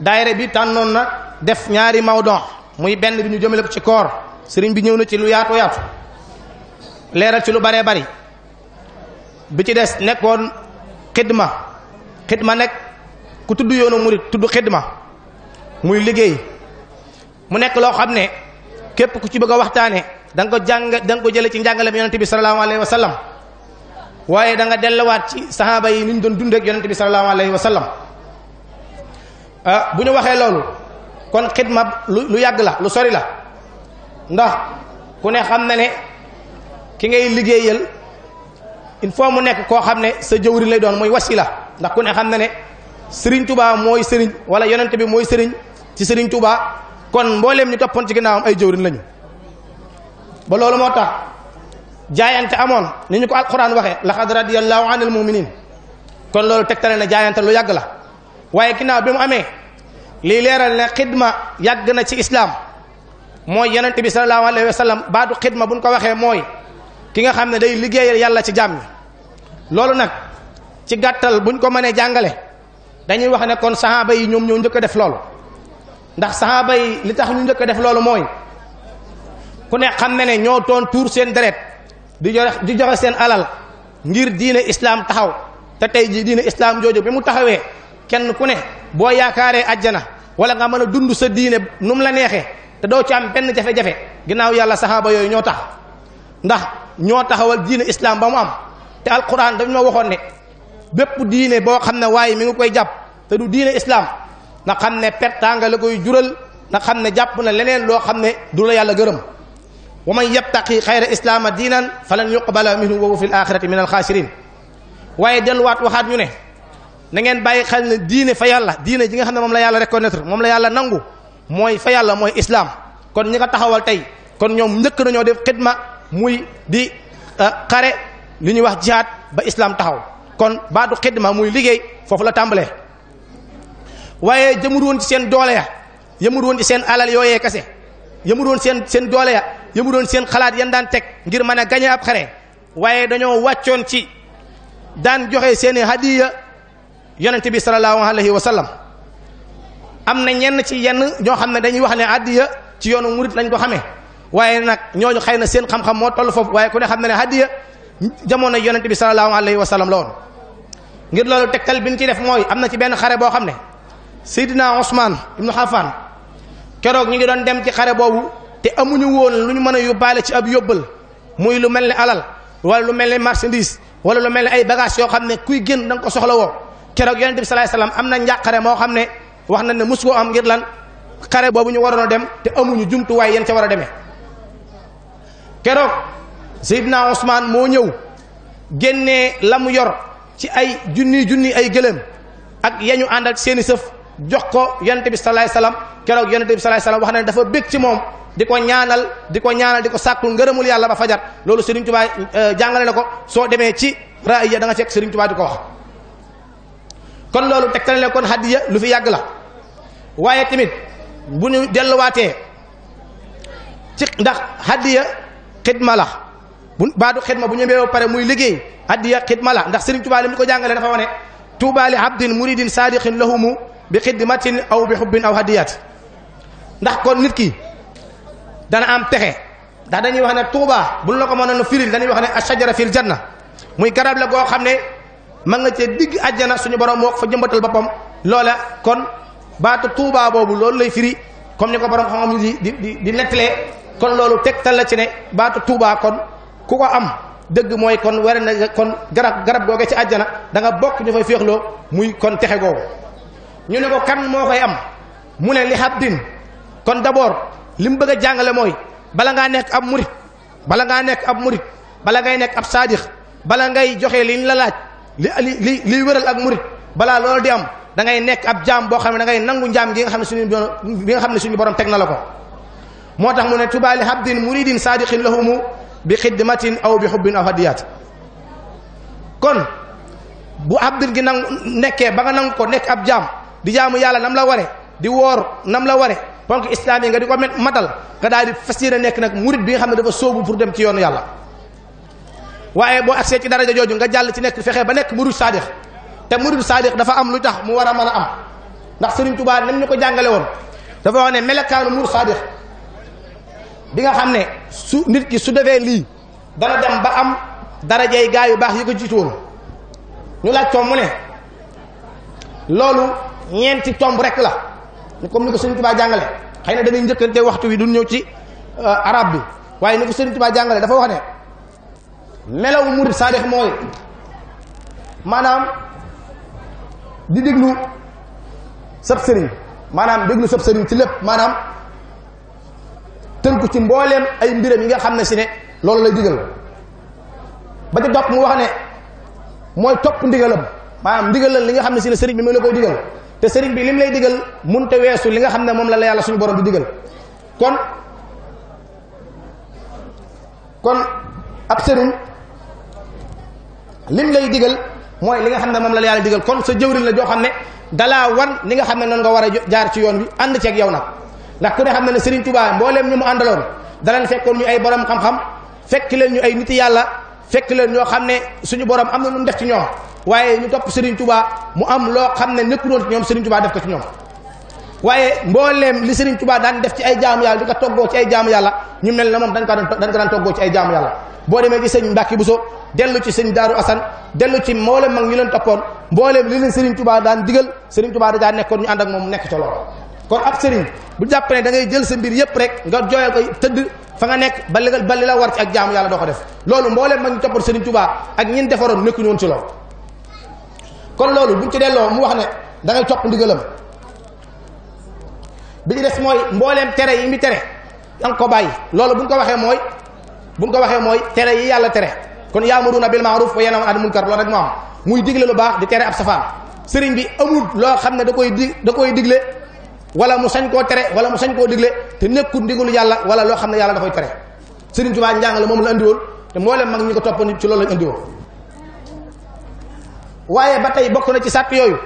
daayira bi tànnoon na def ñaari mawdon muy benn bi ñu jëmale ko ci koor sëriñ bi ñëw na ci lu yaatu yaatu leeral ci lu baree bari bi ci des nekkoon xidma xidma nekk ku tudd yoonu murit tudd xidma muy liggéey mu nekk loo xam ne képp ku ci bëgg a waxtaane danga ko jàng danga ko jële ci njàngaleem yonente bi sallallahu alayhi wa waaye danga nga delluwaat ci sahaaba yi ni ñu doon dund ak yonente bi sallallahu alayhi wa sallam ah, bu ñu waxee loolu kon xidma lu yàgg la lu sori la ndax ku ne xam na ne ki ngay liggéeyal il faut mu nekk koo xam ne sa jëwri lay doon mooy wasila ndax ku ne xam na ne Serigne Touba mooy Serigne wala yonent bi mooy Serigne ci Serigne Touba kon mbooleem ñu toppoon ci am ay jëwrin lañu ba loolu moo tax jaayante amoon ni ñu ko alquran waxee laqad radiyallahu anil mu'minin kon loolu tegtale na jaayante lu yàgg la waaye ginnaaw bi mu amee lii leeral ne xidma yàgg na ci islaam mooy yonent bi sallallahu alayhi wa sallam baatu xidma buñ ko waxee mooy ki nga xam ne day liggéeyal yàlla ci jaam loolu nag ci gàttal buñ ko mënee jàngale dañuy wax ne kon saxaaba yi ñoom ñoo njëkk def loolu ndax saxaaba yi li tax ñu njëkk a def loolu mooy ku ne xam me ne ñoo doon tuur seen deret di joxe di joxe seen alal ngir diine islaam taxaw te tey ji diine islaam jooju bi mu taxawee kenn ku ne boo yaakaaree ajjana wala nga mën a dund sa diine nu la neexee te doo ci am benn jafe-jafe ginnaaw yàlla saxaaba yooyu ñoo tax ndax ñoo taxawal diine islaam ba mu am te alquran dañu ma waxoon ne bépp diine boo xam ne waaye mi ngi koy jàpp te du diine islaam na xam ne tànga la koy jural na xam ne jàpp na leneen loo xam ne du la yàlla gërëm wa man yabtaqi xayra islaama diinan falan yuqbala minhu wa huwa fi l axirati min alxaasirin waaye delluwaat waxaat ñu ne na ngeen bàyyi xel ne diine fa yàlla diine ji nga xam ne moom la yàlla reconnaître moom la yàlla nangu mooy fa yàlla mooy islaam kon ñi ko taxawal tey kon ñoom njëkk nañoo def xidma muy di euh, xare li ñuy wax jihaad ba islaam taxaw kon baatu xidma muy liggéey foofu la tàmbale waaye jëmul woon ci seen doole ya yëmul woon ci seen alal yooyee kese yëmul woon seen seen doole ya yëmul woon seen xalaat yan daan teg ngir mën a gañe ab xare waaye dañoo wàccoon ci daan joxe seen i hadiya yonente bi sallallahu alayhi wa sallam am na ñenn ci yenn ñoo xam ne dañuy wax ne ya ci yoonu murit lañ ko xamee waaye nag ñooñu xay na seen xam-xam moo toll foofu waaye ku ne xam ne ne hadiya jamono yonente bi sallallahu alayhi wa sallam la woon ngir loolu tegtal bi ñu ci def mooy am na ci benn xare boo xam ne Seydina Ousmane ibnu Xafaan keroog ñu ngi doon dem ci xare boobu te amuñu woon lu ñu mën a yóbbaale ci ab yóbbal muy lu mel ni alal wala lu mel ni marchandise wala lu mel ni ay bagages yoo xam ne kuy génn da ko soxla woo keroog yonent bi salaay salaam am na njàqare moo xam ne wax na ne mosu am ngir lan xare boobu ñu waroon dem te amuñu jumtuwaay yéen ca war a demee keroog Seydina Ousmane moo ñëw génnee la mu yor. ci ay junni junni ay gëléem ak yañu ànd ak seeni sëf jox ko yonent bi salaay salaam keroog yonent bi salaay salaam wax na ne dafa bég ci moom di ko ñaanal di ko ñaanal di ko sàkkul ngërëmul yàlla ba fajar loolu Serigne Touba euh, jàngale na ko soo demee ci raaya da nga fekk Serigne Touba di ko wax. kon loolu tegtal na kon hadiya lu fi yàgg la waaye tamit bu ñu delluwaatee ci ndax hadiya xidma la. bu baatu ma bu ñu ñëwee pare muy liggéey addiya xidma la ndax Serigne Touba li mu ko jàngalee dafa wane Touba li abdin muridin sadiqin lahumu bi xidmatin aw bi xubbin aw ndax kon nit ki dana am texe ndax dañuy wax ne Touba buñ la ko mënoon firil dañuy wax ne ashajara fil janna muy garab la goo xam ne ma nga cee digg àjjana suñu borom moo fa jëmbatal boppam loola kon baatu Touba boobu loolu lay firi comme ni ko borom xam-xam di di di kon loolu tegtal la ci ne baatu Touba kon. ku ko am dëgg mooy kon wara na kon garab garab googe ci àjjana da nga bokk ñu fay féexloo muy kon texe googu ñu ne ko kan moo koy am mu ne li xab din kon d'abord li mu bëgg a jàngale mooy bala ngaa nekk ab murit bala ngaa nekk ab murit bala ngay nekk ab saadix bala ngay joxe liñ la laaj li li liy wëral ak murit balaa loolu di am dangay nekk ab jaam boo xam ne da ngay nangu njaam gi nga xam ne suñu bi nga xam ne suñu borom teg na la ko moo tax mu ne tubaali habdin muridin saadiqin bi xidmatin aw bi xubbin aw hadiyaat kon bu abdil gi nangu nekkee ba nga nangu ko nekk ab jaam di jaamu yàlla nam la ware di woor nam la ware ponk islaam yi nga di ko matal nga daal di fas nekk nag murit bi xam ne dafa sóobu pour dem ci yoonu yàlla waaye boo agsee ci daraja jooju nga jàll ci nekk fexe ba nekk murid saadix te murid saadix dafa am lu tax mu war a mën a am ndax Sëriñ Tuubaa nam ñu ko jàngale woon dafa wax ne melekaanu murid saadix bi nga xam ne su nit ki su defee lii dana dem ba am darajey gaa yu baax yi ko jiitu ñu laaj ko mu ne loolu ñeenti tomb rek la comme ni ko Sëriñ Tuubaa jàngale xëy na dañuy njëkkante waxtu wi du ñëw ci euh, arab bi waaye ni ko Sëriñ Tuubaa jàngale dafa wax ne melaw murid saadix mooy maanaam di déglu sab sëriñ maanaam déglu sab sëriñ ci lépp maanaam tënku ci mbooleem ay mbiram yi nga xam ne si ne loolu lay digal ba ci mu wax ne mooy topp ndigalam maanaam ndigalal li nga xam ne si ne sëriñ bi mu ne koy digal te sëriñ bi lim lay digal munte weesu li nga xam ne moom la la yàlla suñu borom di digal kon kon ab sëriñ lim lay digal mooy li nga xam ne moom la la yàlla digal kon sa jëwriñ la joo xam ne dalaa wan ni nga xam ne noonu nga war a jaar ci yoon wi ànd ceeg yow nag ndax ku ne xam na ne Serigne Touba mbooleem ñu mu àndaloon danañ fekkoon ñu ay borom xam-xam fekk leen ñu ay niti yàlla fekk leen ñoo xam ne suñu borom am na lu mu def ci ñoom waaye ñu topp Serigne Touba mu am loo xam ne nekkuloon ci ñoom Serigne Touba def ko ci ñoom waaye mbooleem li Serigne Touba daan def ci ay jaamu yàlla di ko toggoo ci yàlla ñu mel ne moom dañ ko dañ ko daan toggoo ci ay jaamu yàlla boo demee ci sëñ Mbàkke Buso dellu ci sëñ Daaru Asan dellu ci mboolem mag ñu leen toppoon mbooleem li leen Serigne Touba daan digal Serigne Touba da daan nekkoon ñu ànd ak moom nekk ca loolu kon ab sëriñ bu jàpp ne da ngay jël sa mbir yépp rek nga jooyal ko tëdd fa nga nekk ba légal ba li la war ci ak jaamu yàlla doo ko def loolu mbooleem mag ñu toppoon sëriñ Tuubaa ak ñin defaroon nekkuñu woon ci loolu kon loolu bu ci delloo mu wax ne da ngay topp ndigalam bi ñu des mooy mbooleem tere yi tere danga ko bàyyi loolu buñ ko waxee mooy bu buñ ko waxee mooy tere yi yàlla tere kon yaamuruna bil ma'ruf wa yanhawna anil munkar loolu rek moo am muy digle lu baax di tere ab safaan sëriñ bi amul loo xam ne da koy di da koy digle wala mu sañ koo tere wala mu sañ koo digle te nekkul ndigalu yàlla wala loo xam ne yàlla da koy tere Sëriñ Tuubaa njàngale moom la andiwoon te moo leen mag ñi ko toppoon ci loolu lañ andiwoon waaye ba tey bokk na ci sàtt yooyu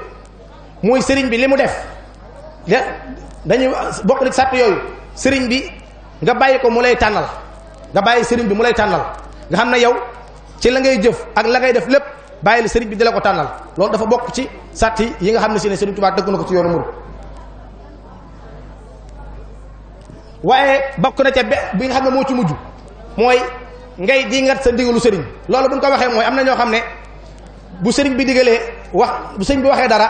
muy sëriñ bi li mu def de dañuy bokk na ci sàtt yooyu sëriñ bi nga bàyyi ko mu lay tànnal nga bàyyi sëriñ bi mu lay tànnal nga xam ne yow ci la ngay jëf ak la ngay def lépp bàyyi la sëriñ bi di la ko tànnal loolu dafa bokk ci sàtt yi nga xam ne si ne Sëriñ Tuubaa na ko ci yoonu murid waaye bokk na ca be bi nga xam ne moo ci mujj mooy ngay di ngat sa ndigalu sëriñ loolu bu ñu ko waxee mooy am na ñoo xam ne bu sëriñ bi digalee wax bu sëriñ bi waxee dara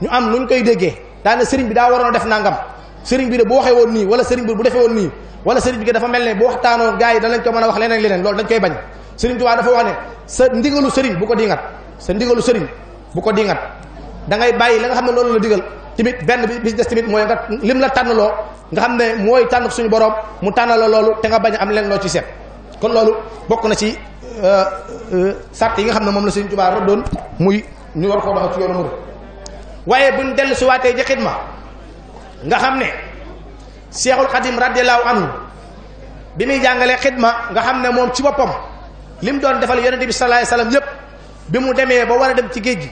ñu am nu ñu koy déggee daana sëriñ bi daa waroon a def nangam sëriñ bi de bu waxee woon nii wala sëriñ bi bu defee woon nii wala sëriñ bi dafa mel ne bu waxtaanoo gars yi danañ ko mën a wax leneen leneen loolu dañ koy bañ sëriñ Tuubaa dafa wax ne sa ndigalu sëriñ bu ko dingat sa ndigalu sëriñ bu ko dingat da ngay bàyyi la xam ne loolu la digal tamit benn bi bi des tamit mooy nga lim la tànnaloo nga xam ne mooy tànn suñu borom mu tànnaloo loolu te nga bañ a am leen loo ci seet kon loolu bokk na ci euh, euh, sart yi nga xam ne moom la Sëriñ Tuubaa doon muy ñu war koo doxal ci yoonu murid waaye buñ dellu si waatee ci nga xam ne Seexul Xadim radiyallahu anhu bi muy jàngalee xidma nga xam ne moom ci boppam lim doon defal yonente bi sallallahu alayhi wasallam yépp bi mu demee ba war a dem ci géej gi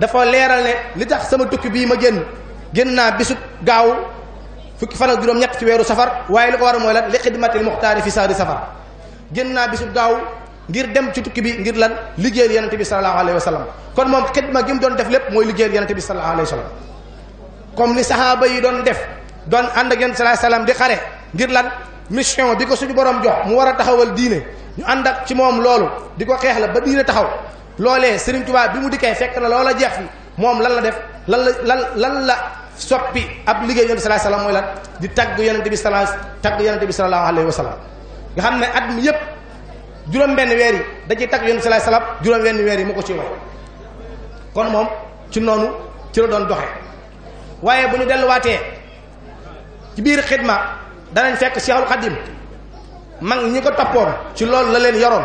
dafa leeral ne li tax sama tukki bii ma génn génn naa bisu gaaw fukki fan ak juróom-ñett ci weeru safar waaye li ko war a mooy lan li xidmatil muxtaari fi sahri safar génn naa bisu gaaw ngir dem ci tukki bi ngir lan liggéeyal yonente bi sallallahu alayhi wa sallam kon moom xidma gi mu doon def lépp mooy liggéeyal yonente bi sallallahu alayhi wa sallam comme ni sahaaba yi doon def doon ànd ak yonente sallallahu alayhi wa sallam di xare ngir lan mission bi ko suñu borom jox mu war a taxawal diine ñu ànd ak ci moom loolu di ko xeex ba diine taxaw loolee Serigne Touba bi mu dikkee fekk na loola jeex fi moom lan la def lan la lan lan la soppi ab liggéey yonent bi sallallahu mooy lan di tagg yonent bi sallallahu tagg yonent bi sallallahu alayhi wasallam nga xam ne at mi yëpp juróom benn weer yi da ciy tagg yonent bi sallallahu weer yi mu ko ci way kon moom ci noonu ci la doon doxee waaye bu ñu delluwaatee ci biir xidma danañ fekk Cheikhul Khadim mag ñi ko toppoon ci loolu la leen yoroon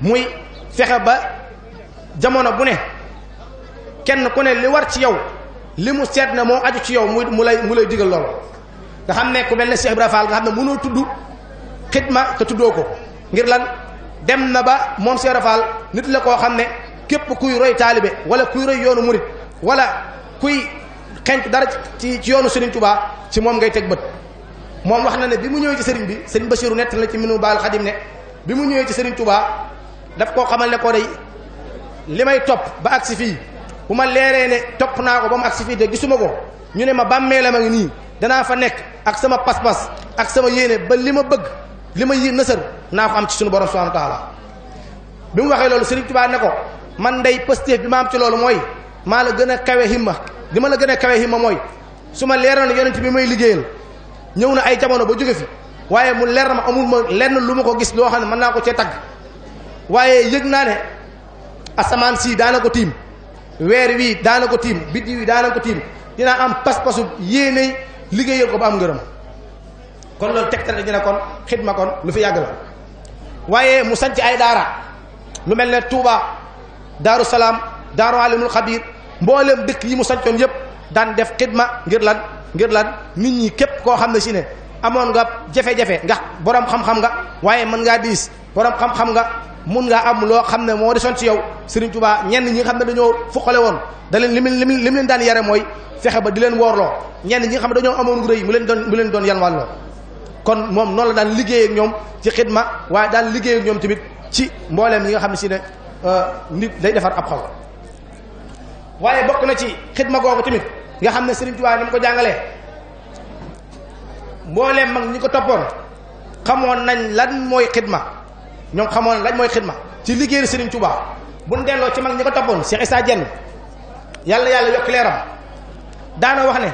muy fexe ba jamono bu ne kenn ku ne li war ci yow li mu seet na moo aju ci yow muy mu lay mu lay digal lool nga xam ne ku mel ne Cheikh Ibrahima Fall nga xam ne noo tudd xidma te tuddoo ko ngir la dem na ba moom Cheikh Ibrahima nit la koo xam ne képp kuy roy taalibe wala kuy roy yoonu murit wala kuy xenc dara ci ci yoonu Serigne Touba si moom ngay teg bët moom wax na ne bi mu ñëwee ci Serigne bi Serigne Bassirou nett na ci minu baal xadim ne bi mu ñëwee ci Serigne Touba daf koo xamal ne ko li may topp ba agsi fii bu ma leeree ne topp naa ko ba mu agsi fii te gisuma ko ñu ne ma bàmmeelam a ngi nii danaa fa nekk ak sama pas ak sama yéene ba li ma bëgg li ma yi nësër naa ko am ci suñu borom subhanahu wa taala bi mu waxee loolu Sëriñ Tuubaa ne ko man dey pëstéef bi ma am ci loolu mooy maa la gën a kawe himma di ma la gën a kawe himma mooy su ma leeroon yonent may liggéeyal ñëw na ay jamono ba jóge fi waaye mu leer ma amul ma lenn lu ma ko gis loo xam ne mën naa ko cee tagg waaye yëg naa ne asamaan si daana ko tiim weer wii daana ko tiim biddi wi daana tiim dinaa am pas-pasu yéene liggéeyal ko ba am ngërëm kon loolu tegtal dañu ne kon xidma kon lu fi yàgg la waaye mu sanc ay daara lu mel ne Touba Daaru Salaam Daaru Alimul Xabir mboolem dëkk yi mu sancoon yëpp daan def xidma ngir lan ngir lan nit ñi képp koo xam ne si ne amoon nga jafe-jafe nga borom xam-xam nga waaye mën ngaa diis borom xam-xam nga mun ngaa am loo xam ne moo desoon ci yow Serigne Touba ñenn ñi xam ne dañoo fuqale woon da leen lim lim lim leen daan yare mooy fexe ba di leen woorloo ñenn ñi xam ne dañoo amoon rëy mu leen doon mu leen doon yan kon moom noonu la daan liggéey ñoom ci xidma waaye daan liggéey ak ñoom tamit ci mbooleem ñi nga xam ne si ne euh, nit day defar ab bokk na ci xidma googu tamit nga xam ne Serigne Touba ni mu ko jàngale mbooleem mag ñi ko toppoon xamoon nañ lan mooy xidma ñoom xamoon ne lañ mooy xidma ci liggéeyal Serigne Touba bu ñu delloo ci mag ñi ko toppoon Cheikh saa Dieng yàlla yàlla yokk leeram daana wax ne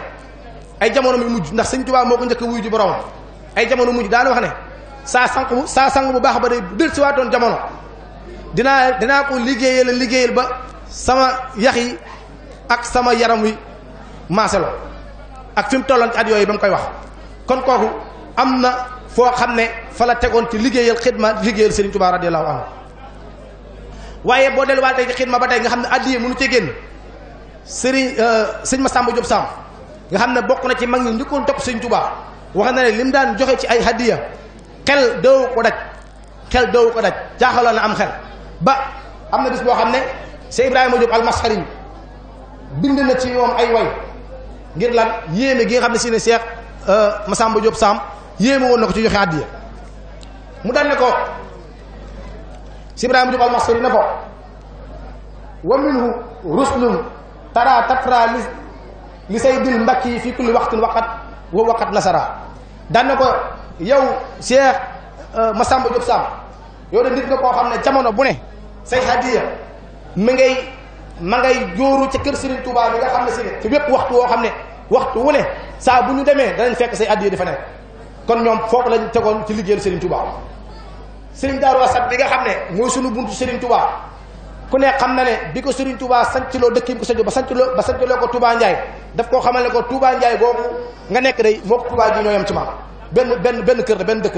ay jamono mi mujj ndax Serigne Touba moo ko njëkk wuyu ji borom ay jamono mujj daana wax ne saa sànq bu saa sànq bu baax ba day dël si waatoon jamono dina dinaa ko liggéeyal liggéeyal ba sama yax yi ak sama yaram wi maaselo ak fi mu tolloon ci at yooyu ba mu koy wax kon kooku am na. foo xam ne fa la tegoon ci liggéeyal xidma liggéeyal Serigne Touba radiyallahu anhu waaye boo delluwaat tey ci xidma ba tey nga xam ne addiye mënu ci génn Serigne euh, sëñ Massamba Diop Samb nga xam ne bokk na ci mag ñi njëkkoon topp Serigne Touba wax na ne lim daan joxe ci ay hadiya xel doowu ko daj xel doowu ko daj jaaxaloon na am xel ba am na bis boo xam ne Cheikh Ibrahima Diop almasxari bind na ci yoom ay way ngir lan yéeme gi nga xam ne si ne Cheikh euh, Massamba Diop Samb yéeme woon na ci joxe àddiya mu daan ne ko si Ibrahima Diop al-Mahsari ne ko wa minhu rusulun tara tatra li li saydil mbakki fi kulli waxtin waqat wa waqat nasara daan ne ko yow Cheikh euh, Massamba Diop Samb yow de nit nga koo xam ne jamono bu ne say hadiya mi ngay ma ngay jóoru kër Serigne Touba mi nga xam ne ci wépp waxtu woo xam ne waxtu wu ne saa bu ñu demee danañ fekk say hadiya di fa nekk kon ñoom foofu lañ tegoon ci liggéeyal Serigne Touba Serigne Darou Assad bi nga xam ne mooy sunu buntu Serigne Touba ku ne xam na ne bi ko Serigne Touba sancloo dëkk yi ko sanc ba sancloo ba sancloo ko Touba Ndiaye daf koo xamal ne ko Touba njaay boobu nga nekk day moo ko Touba ji ñoo yem ci maam benn benn benn kër la benn dëkk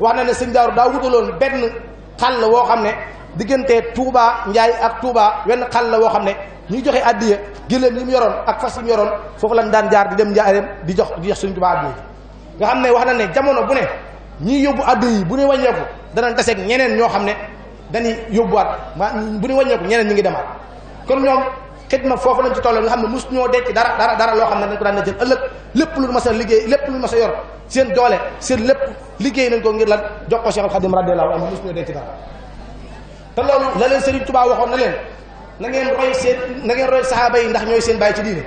wax na ne Serigne Darou daa wutaloon benn xàll woo xam ne diggantee Touba Ndiaye ak Touba wenn xàll la woo xam ne ñuy joxe addiya gëléem yi mu yoroon ak fas yi mu foofu lañ daan jaar di dem Ndiarème di jox di jox Serigne Touba addiya nga xam ne wax na ne jamono bu ne ñiy yóbbu àdduna yi bu ñuy wàññeeku danañ taseeg ñeneen ñoo xam ne dañuy yóbbuwaat ma bu ñuy wàññeeku ñeneen ñi ngi demaat kon ñoom xidma foofu lañ ci tolloo nga xam ne mus ñoo denc dara dara dara loo xam ne dañ daan na jël ëllëg lépp lu mas a lépp lu mas a yor seen doole seen lépp liggéey nañ ko ngir lan jox ko Cheikhul Khadim radiyallahu anhu mus ñoo denc dara te loolu la leen Serigne Touba waxoon na leen na ngeen roy seen na ngeen roy saxaaba yi ndax ñooy seen bàyyi ci diine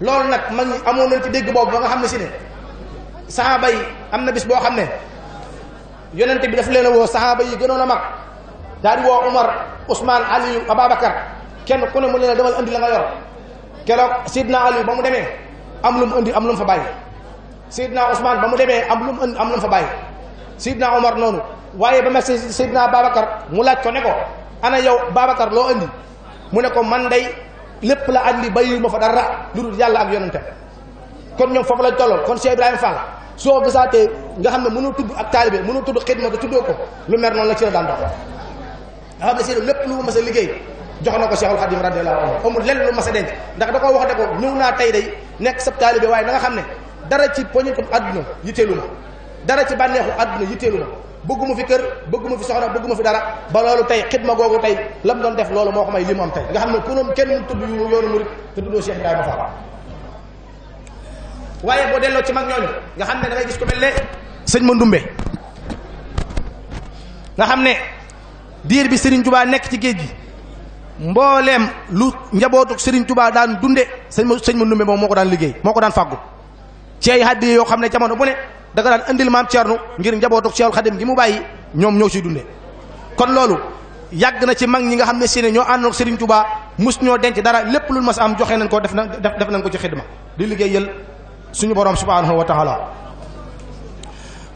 loolu nag mag ñi amoon nañ ci dégg boobu ba nga xam ne si ne saxaaba yi am na bis boo xam ne yonente bi daf leen a woo saxaaba yi gënoon a mag daal di woo Umar Ousmane Aliou Ababacar kenn ku ne mu leen a demal andi la yor keroog Sidna Aliou ba mu demee am lu mu andi am lu fa bàyyi Sidna Ousmane ba mu demee am lu am lu fa bàyyi Sidna Omar noonu waaye ba ma si Sidna Babacar mu laaj ko ne ko ana yow Babacar loo andi mu ne ko man day lépp la andi bàyyi ma fa dara lu dul yàlla ak yonente kon ñoom foofu lañ tolloon kon Cheikh Ibrahima Fall. soo saatee nga xam ne mënoo tudd ak taalibe mënoo tudd xidma te tuddoo ko lu mer noonu la ci la daan dox nga xam ne seen lépp lu mu mas liggéey jox na ko Cheikhul Khadim radiyallahu anhu amul lenn lu mas a denc ndax da koo wax ne ko ñëw naa tey day nekk sab taalibe waaye da nga xam ne dara ci poñitum àdduna yitteelu ma dara ci bànneexu àdduna yitteelu ma bëgguma fi kër bëgguma fi soxna bëgguma fi dara ba loolu tey xidma googu tey lam doon def loolu moo am tey nga xam ne kenn mu tudd yoonu murit te tuddoo Cheikh waaye boo delloo ci mag ñooñu nga xam ne da ngay gis ku mel ne sëñ Mandoumbe nga xam ne diir bi sëriñ Touba nekk ci géej gi mbooleem lu njabootuk Serigne Touba daan dunde sëñ ma sëñ Mandoumbe moom moo ko daan liggéey moo ko daan fàggu ci ay haddi yoo xam ne jamono bu ne da daan indil maam Thierno ngir njabootuk Cheikhul Khadim di mu bàyyi ñoom ñoo ciy dunde kon loolu yàgg na ci mag ñi nga xam ne si ne ñoo àndoon sëriñ Serigne Touba mus ñoo denc dara lépp lu ma mas am joxe nañ ko def na def nañ ko ci xidma di liggéeyal suñu borom subhanahu wa taala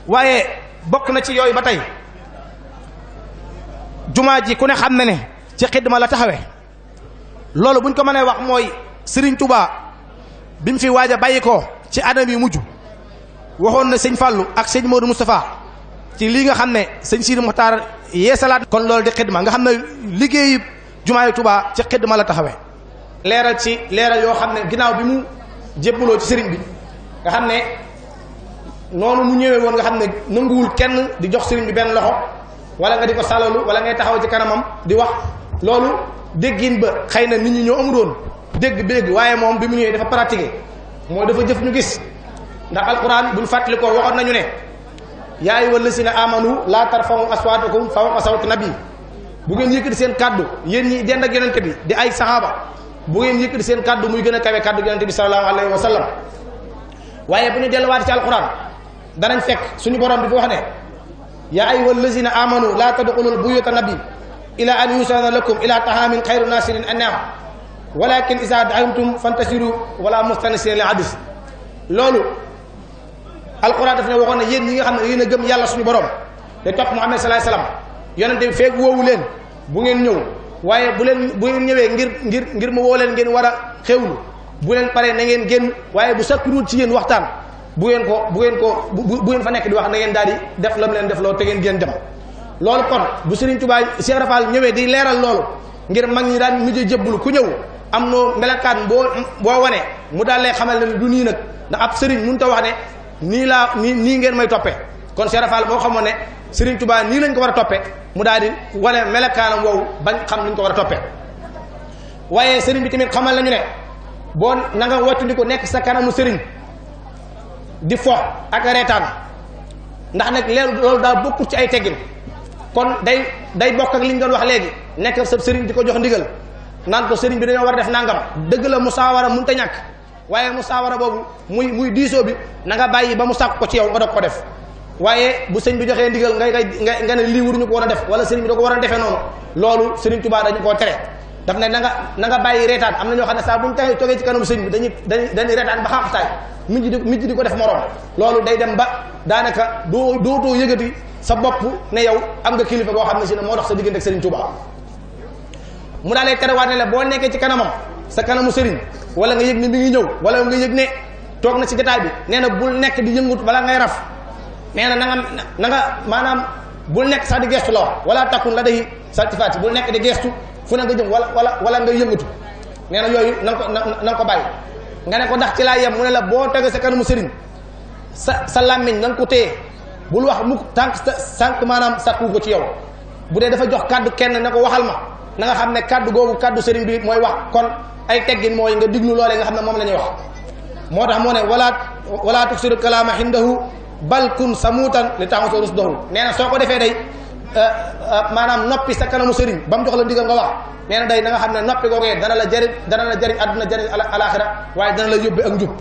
waaye bokk na ci yooyu ba tey jumaa ji ku ne xam na ne ci xidma la taxawe loolu buñ ko mënee wax mooy Serigne tubaa bi fi waaj a bàyyi ko ci anam yi mujj waxoon na sëñ Fallou ak sëñ Modou Moustapha ci lii nga xam ne sëñ Sidi Muxtaar yeesalaat kon loolu di ma nga xam ne jumaa jumaayu tubaa ci xidma la taxawe leeral ci leeral yoo xam ne ginnaaw bi mu jébbaloo ci sëriñ bi nga xam ne noonu mu ñëwee woon nga xam ne nanguwul kenn di jox sëriñ bi benn loxo wala nga di ko salalu wala ngay taxaw ci kanamam di wax loolu déggin ba xay na nit ñi ñoo amuroon dégg dégg waaye moom bi mu ñëwee dafa pratiqué mooy dafa jëf ñu gis ndax alquran buñ fàttali ko waxoon nañu ne yaa ayyuhal lazina amanu laa tarfa'u aswaatakum fawqa sawti nabi bu ngeen yëkkati seen kàddu yéen ñi dend ak yonente bi di ay saxaaba bu ngeen yëkkati seen kàddu muy gën a kawe kàddu yonente bi sallallahu alayhi wa sallam waaye bu ñu delluwaat ci alquran danañ fekk suñu borom dafa wax ne yaa la allazina amanu laa tadxulul buyuta nabi ila an yusana lakum ila tahamin xayru nasirin annaam walakin isa daamtum fantasiru wala mustanasir li hadis loolu alquran daf ne waxoon ne yéen ñi nga xam ne yéen a gëm yàlla suñu borom te topp Muhammad sallallahu alayhi wasallam yonente bi feeg woowu leen bu ngeen ñëw waaye bu leen bu ngeen ñëwee ngir ngir ngir mu woo leen ngeen war a xewlu bu leen paree na ngeen génn waaye bu sakkuruut ci yéen waxtaan bu ngeen ko bu ngeen ko bu ngeen fa nekk di wax na ngeen daal di def lam leen def loolu te ngeen génn dem loolu kon bu Serigne tubaa Cheikh Rafal ñëwee di leeral loolu ngir mag ñi daan mujj jëbbul ku ñëw am noo melakaan boo boo wane mu daal lay xamal ne du nii nag ndax ab Serigne mënut a wax ne nii laa nii nii ngeen may toppee kon Cheikh Rafal xamoon ne Serigne Touba nii lañ ko war a toppee mu daal di wane melakaanam woowu bañ xam luñ ko war a toppee waaye Serigne bi tamit xamal nañu ne. boo na nga ko nekk sa kanamu sëriñ di fo ak reetaan ndax nag leelu loolu daa bokkul ci ay teggin kon day day bokk ak li ñu doon wax léegi nekk sa sëriñ di ko jox ndigal naan ko sëriñ bi dañoo war a def nangam dëgg la musaawara mun a ñàkk waaye musaawara boobu muy muy diisoo bi na nga bàyyi ba mu sàkk ko ci yow nga doog ko def waaye bu sëñ bi joxee ndigal nga nga nga ne lii wuruñu ko war a def wala sëriñ bi da ko war a defee noonu loolu sëriñ Tuubaa dañu koo tere daf ne na nga na nga bàyyi reetaan am na ñoo xam ne saa bu ñu taxee toogee ci kanam sëñ bi dañuy dañuy dañuy reetaan ba xaaxataay mujj di mujj di ko def morom loolu day dem ba daanaka doo dootoo yëgati sa bopp ne yow am nga kilifa boo xam ne si ne moo dox sa diggante ak Serigne Touba mu daa lay terewaat ne la boo nekkee ci kanamam sa kanamu sëriñ wala nga yëg ne mi ngi ñëw wala nga yëg ne toog na ci jotaay bi nee na bul nekk di yëngut bala ngay raf nee na na na nga maanaam bul nekk sax di gestu la wax wala takkun la day saltifaati bul nekk di gestu fu ne nga jëm wala wala wala nga yëngatu nee na yooyu na ko na nga ko bàyyi nga ne ko ndax ci laa yem mu ne la boo tege sa kanamu sëriñ sa sa làmmiñ na nga ko téye bul wax mukk tànk sa sànq maanaam sàkku ko ci yow bu dee dafa jox kàddu kenn ne ko waxal ma na nga xam ne kàddu googu kàddu sëriñ bi mooy wax kon ay teggin mooy nga diglu loolee nga xam ne moom la ñuy wax moo tax moo ne wala wala tuksiru kalaama xindahu bal kun samuutan li taxu soo rus doxul nee soo ko defee day Eh, eh, maanaam noppi sa kanamu sëriñ ba mu jox la ndigal nga wax nee na dey na nga xam ne noppi googee dana la jariñ dana la jariñ àdduna jariñ alaxira waaye dana la yóbbe ak njub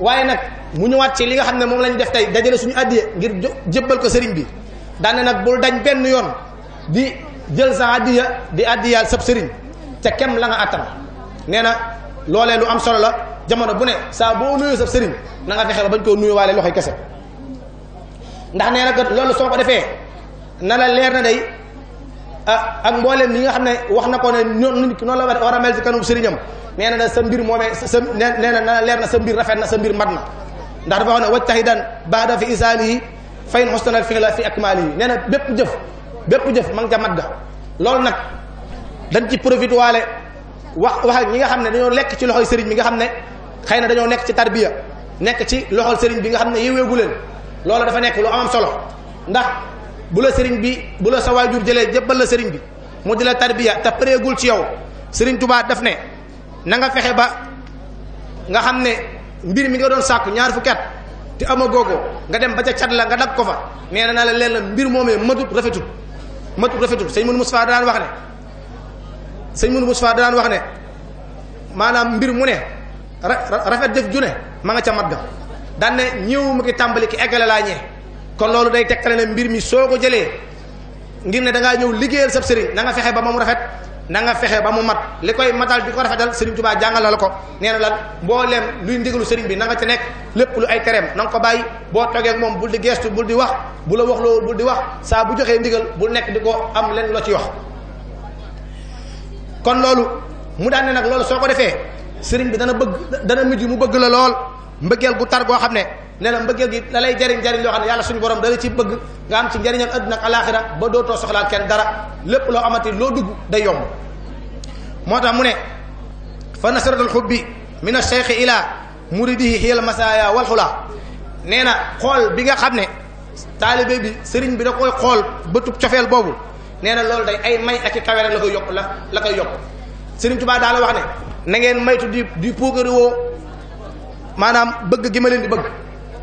waaye nag mu ñëwaat ci li nga xam ne moom la ñu def tey dajale suñu addiye ngir jëppal ko sëriñ bi daan nag bul dañ benn yoon di jël sa addiya di addiyaal sab sëriñ te kem la nga attan nee na loolee lu am solo la jamono bu ne saa boo nuyoo sab sëriñ na nga fexe ba bañ koo nuyoo waale loxoy kese ndax nee na loolu soo ko defee na la leer na day ah, ak mbooleem li nga xam ne wax na ko ne noonu la war a mel si kanam sëriñam nee na sa mbir moomee sa nee na na leer na sa mbir rafet na sa mbir mat na ndax dafa wax ne wajtahidan baada fi isaani yi fayn xostanal fi la fi akmaali yi nee na bépp jëf bépp jëf ma nga ca mat ga nag dañ ci profité waale wax wax ñi nga xam ne dañoo lekk ci loxoy sëriñ bi nga xam ne xëy na dañoo nekk ci tarbiya nekk ci loxol sëriñ bi nga xam ne yéweegu leen loolu dafa nekk lu am solo ndax bu la sëriñ bi bu la sa waajur jëlee jëbbal la sëriñ bi mu di la tarbiya te pareegul ci yow sëriñ Tuubaa def ne na nga fexe ba nga xam ne mbir mi nga doon sàkku ñaar fukki at nga dem ba ca cat la nga ko fa nee na la leen la mbir moomee matut rafetut matut rafetut sëñ Mourou Moustapha daan wax ne sëñ Mourou Moustapha wax ne maanaam mbir mu ne rafet def ju ne ma nga ca mat ga daan ne ñëw mu tàmbali ki eggale laa ñee kon loolu day tegtale ne mbir mi soo ko jëlee ngir ne da ngaa ñëw liggéeyal sab sëriñ na nga fexe ba mu rafet nanga fexe ba mu mat li koy matal di ko rafetal sëriñ Tuubaa jàngal la ko nee na lan mbooleem luy ndigalu sëriñ bi na nga ci nekk lépp lu ay tereem nanga ko bàyyi boo toogee moom bul di geestu bul di wax bu la wax loolu bul di wax saa bu joxee ndigal bu nekk di ko am leen loo ci wax kon loolu mu daan ne nag loolu soo ko defee sëriñ bi dana bëgg dana mujj mu bëgg la lool mbëggeel gu tar goo xam ne nee na mbëggeel gi la lay jariñ jariñ loo xam ne yàlla suñu borom dala ci bëgg nga am ba dootoo soxlaal kenn dara lépp loo amati loo dugg day moo tax mu ne fa nasratul xubbi min ash-shaykh ila muridihi hiya al-masaaya wal xulaa nee na xool bi nga xam ne taalibe bi sëriñ bi da koy xool bëtub cofeel boobu nee na loolu day ay may ak i yokk la la koy yokk sëriñ Tuubaa daal wax ne na ngeen maytu di di puukari maanaam bëgg gi ma leen di bëgg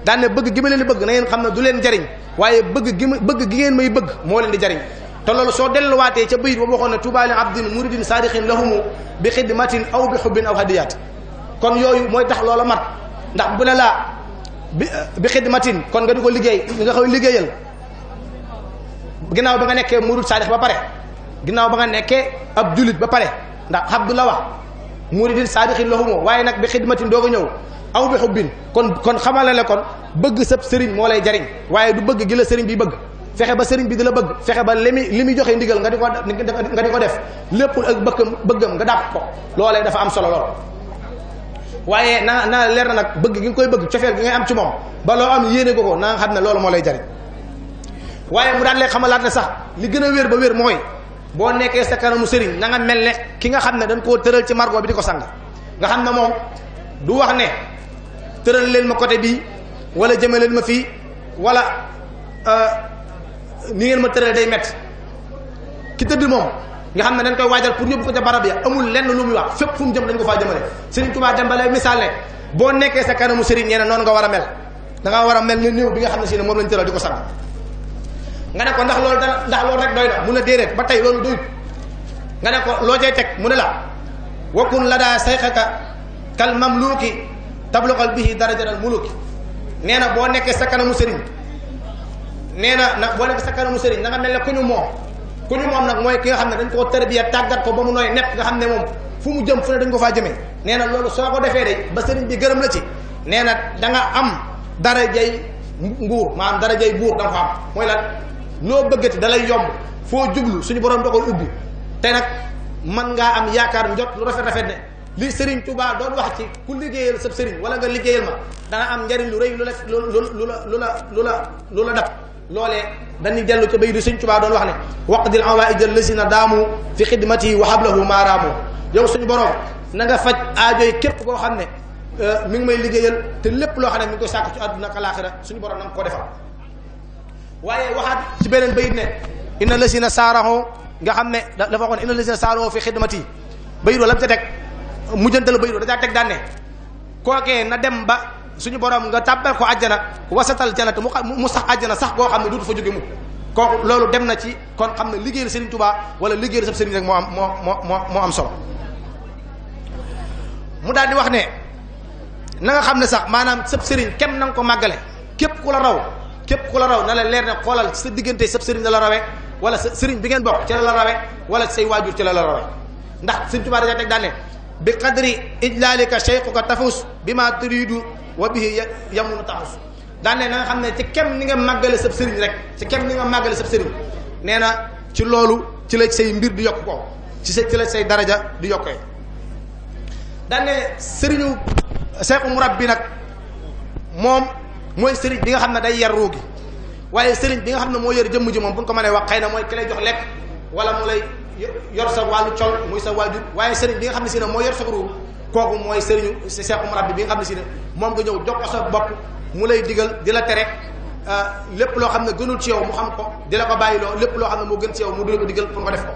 daan bëgg gi ma leen bëgg na ngeen xam ne du leen jariñ waaye bëgg gi ma bëgg gi ngeen may bëgg moo leen di jariñ te loolu soo delluwaatee ca bayit ba waxoon ne tuubaa li abdin muridin saadixin lahumu bi xidmatin aw bi xubbin aw hadiyaat kon yooyu mooy tax loola mat ndax bu ne laa bi bi kon nga di ko liggéey nga koy liggéeyal ginnaaw nekkee murid saadix ba pare ginnaaw ba nga nekkee ab julit ba pare ndax abdula wax muridin saadixin lahumu waaye nag bi xidmatin doo ko ñëw aw bi xubbin kon kon xamale ne kon bëgg sab sëriñ moo lay jariñ waaye du bëgg gi la sëriñ bi bëgg fexe ba sëriñ bi di la bëgg fexe ba li muy li muy joxe ndigal nga di ko nga di ko def lépp ak bëggam bëggam nga dàpp ko lay dafa am solo lool waaye na na leer na nag bëgg gi nga koy bëgg cofeel gi ngay am ci moom ba loo am yéene ko ko na xam ne loolu moo lay jariñ waaye mu daan lay xamalaat ne sax li gën a wér ba wér mooy boo nekkee sa kanamu sëriñ na nga mel ne ki nga xam ne dañ koo tëral ci margo bi ko sang nga xam ne moom du wax ne tëral leen ma côté bii wala jëme leen ma fii wala euh, ni ngeen ma tëralee day métti ki tëdd moom nga xam ne dañ koy waajal pour ñëbbu ko ca barab ya amul lenn lu muy wax fépp fu mu jëm dañ ko faa jëmale Serigne Touba dem ba lay misaal ne boo nekkee sa kanamu Serigne nee na noonu nga war a mel da war a mel ni néew bi nga xam ne si moom lañ tëral di ko sang nga ne ko ndax loolu dara ndax loolu rek doy na mun a déedéet ba tey loolu doyut nga ne ko loo cay teg mu ne la wakun la daa sayxaka bi tablugal bihi darajatal muluki nee na boo nekkee sa kanamu sëriñ nee na nag boo nekkee sa sëriñ na nga mel ne ku ñu moom ku ñu moom nag mooy ki nga xam ne dañ koo tërbiya tàggat ko ba mu nooy nepp nga xam ne moom fu mu jëm fu ne dañ ko faa jëmee nee na loolu soo ko defee de ba sëriñ bi gërëm la ci nee na da am darajay nguur maanaam darajay buur da nga ko am mooy lan loo bëggati da lay yomb foo jublu suñu borom da koy ubbi te nag mën ngaa am yaakaar njot lu rafet rafet ne li Serigne Touba doon wax ci ku liggéeyal sa Serigne wala nga liggéeyal ma dana am njariñ lu rëy lu la lu la lu la lu la lu la dab loole dañuy dellu ca bay di Serigne Touba doon wax ne waqdil awaïd allazina daamu fi xidmati wa hablahu maaraamu yow suñu borom na nga faj aajoy képp koo xam ne euh, mu ngi may liggéeyal te lépp loo xam ne mi ngi koy sàkk ci àdduna ak alaaxira suñu borom na nga ko defal waaye waxaat ci beneen bayit ne inna lazina saaraho nga xam ne dafa waxoon inna lazina saaraho fi xidmati bayit wala mu ca mujjantal bayru da caa teg daan ne na dem ba suñu borom nga tàbbal ko àjjana wasatal janat mu sax àjjana sax koo xam ne duutu fa jóge mukk kooku loolu dem na ci kon xam ne liggéeyal Serigne Touba wala liggéeyal sab Serigne rek moo am moo moo moo am solo mu daal di wax ne na xam ne sax maanaam sab Serigne kem na nga ko màggale képp ku la raw képp ku la raw na la leer ne xoolal sa diggante sab Serigne la la rawee wala sa Serigne bi ngeen bokk ci la la rawee wala say waajur ci la la rawee ndax Serigne Touba dañoo teg daan bi qadri ijlaalika cheyquka tafus bi ma turidu wa bihi yamunu taxus daan ne na nga xam ne ci kem ni nga màggale sab sëriñ rek ci kem ni nga màggale sab sëriñ nee na ci loolu ci la say mbir di yokk ko ci sa ci la say daraja di yokkee daan ne sëriñu cheikhu bi nag moom mooy sëriñ bi nga xam ne day yar ruugi waaye sëriñ bi nga xam ne moo yar jëmm ji moom bu ñu ko mënee wax xëy na mooy ki lay jox lekk wala mu lay yor sa wàllu col muy sa waajur waaye sëriñ bi nga xam ne si ne moo yor sa ruux kooku mooy sëriñu si seexu murabbi bi nga xam moom nga ñëw jox ko sa bopp mu lay digal di la tere euh, lépp loo xam ne gënul ci yow mu xam ko di la ko bàyyiloo lépp loo xam ne moo gën ci yow mu dul ko digal pour nga def ko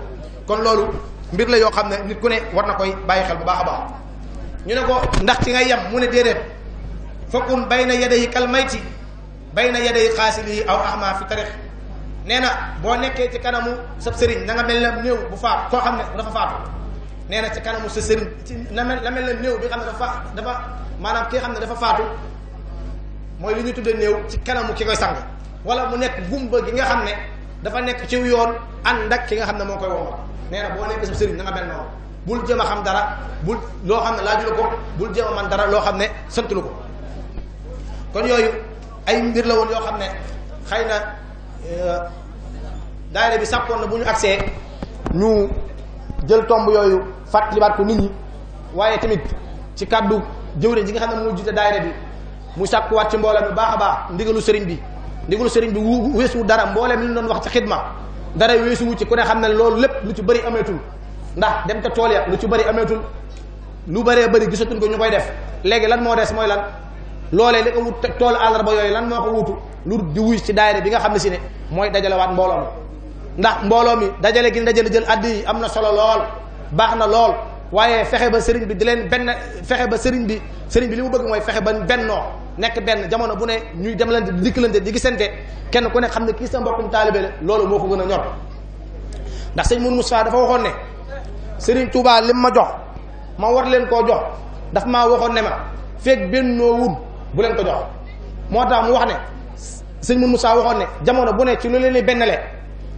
kon loolu mbir la yoo xam ne nit ku ne war na koy bàyyi xel bu baax a baax ñu ne ko ndax ci ngay yem mu ne déedéet fakkun bay na yade yi kal mayti bay na yade yi xaasili yi aw ahma fi tarix nee na boo nekkee ci kanamu sa sëriñ na nga mel ne bu faatu koo xam ne dafa faatu nee na ci kanamu sa ci na mel ne néew bi xam ne dafa dafa maanaam ki xam ne dafa faatu mooy li ñu tudde néew ci kanamu ki koy sang wala mu nekk gumba gi nga xam ne dafa nekk ci yoon ànd ak ki nga xam ne moo koy womal nee na boo nekkee sa sëriñ na nga mel noonu bul jëm a xam dara bul loo xam ne laaju la ko bul jéem a man dara loo xam ne sant ko kon yooyu ay mbir la woon yoo xam ne xëy na Euh, daayira bi sàppoon na bu ñu agsee ñu jël tomb yooyu fàttaliwaat ko nit ñi waaye tamit ci kàddu jëwriñ ji nga xam ne moo jiite daayira bi mu sàkkuwaat ci mboolem bi baax a baax ndigalu sëriñ bi ndigalu sëriñ bi wu weesu dara mboolem li ñu doon wax ci xidma dara weesuwu ci ku ne xam ne loolu lépp lu ci bari ameetul ndax dem te tool ya lu ci bari ameetul lu bëree bëri gisatuñ ko ñu koy def léegi lan moo des mooy lan loolee li ko wut toolu àllarba yooyu lan moo ko wutu lu di wuy ci daayira bi nga xam ne si ne mooy dajalewaat mbooloo mi ndax mbooloo mi dajale gi dajale jël addi yi am na solo lool baax na lool waaye fexe ba sëriñ bi di leen benn fexe ba sëriñ bi sëriñ bi li mu bëgg mooy fexe ba benn noo nekk benn jamono bu ne ñuy demlante di dikkalante di gisante kenn ku ne xam ne kii sa mbokkum taalibe la loolu moo ko gën a ñor ndax sëñ Mourou Moustapha dafa waxoon ne sëriñ Touba lim ma jox ma war leen koo jox daf maa waxoon ne ma feeg bennoo wul bu leen ko jox moo tax mu wax ne sëñ mu saa waxoon ne jamono bu ne ci lu leen benn bennale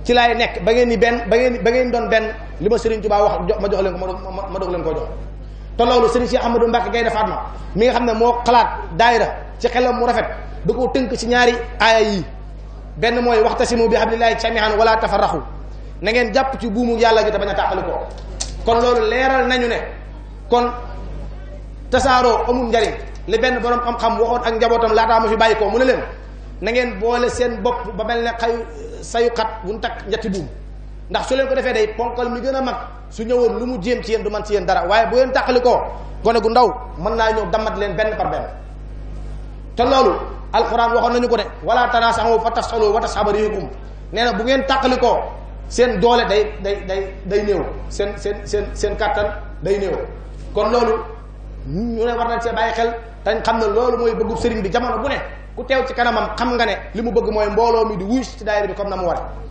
ci laay nekk ba ngeen ni benn ba ngeen ba ngeen doon benn li ma Serigne Touba wax ma jox leen ko ma doog leen koo jox te loolu Serigne Cheikh Ahmadou Mbacké Gaïndé Fatma mi nga xam ne moo xalaat daayira ci xelam mu rafet da koo tënk ci ñaari aaya yi benn mooy waxtasimu bi hablillahi jami'an wala tafarraqu na ngeen jàpp ci buumu yàlla gi te bañ a tàqali ko kon loolu leeral nañu ne kon tasaaroo amul njariñ li benn borom xam-xam waxoon ak njabootam laataa ma fi bàyyi ko mu ne leen na ngeen boole seen bopp ba mel ne xayu sayu xat bu ñu takk ñetti buum ndax su leen ko defee day ponkal mi gën a mag su ñëwoon lu mu jéem ci yéen du man ci yéen dara waaye bu yéen tàqali koo gone gu ndaw mën naa ñëw damat leen benn par te loolu alquran waxoon nañu ko de wala tanaasaxu fa tafsalu wa tasxaba riihukum nee na bu ngeen tàqali koo seen doole day day day day néew seen seen seen seen kàttan day néew ñu ne war nañ see bàyyi xel dañ xam ne loolu mooy bëggu sëriñ bi jamono bu ne ku teew ci kanamam xam nga ne li mu bëgg mooy mbooloo mi di wuyu ci daayira bi comme na mu waree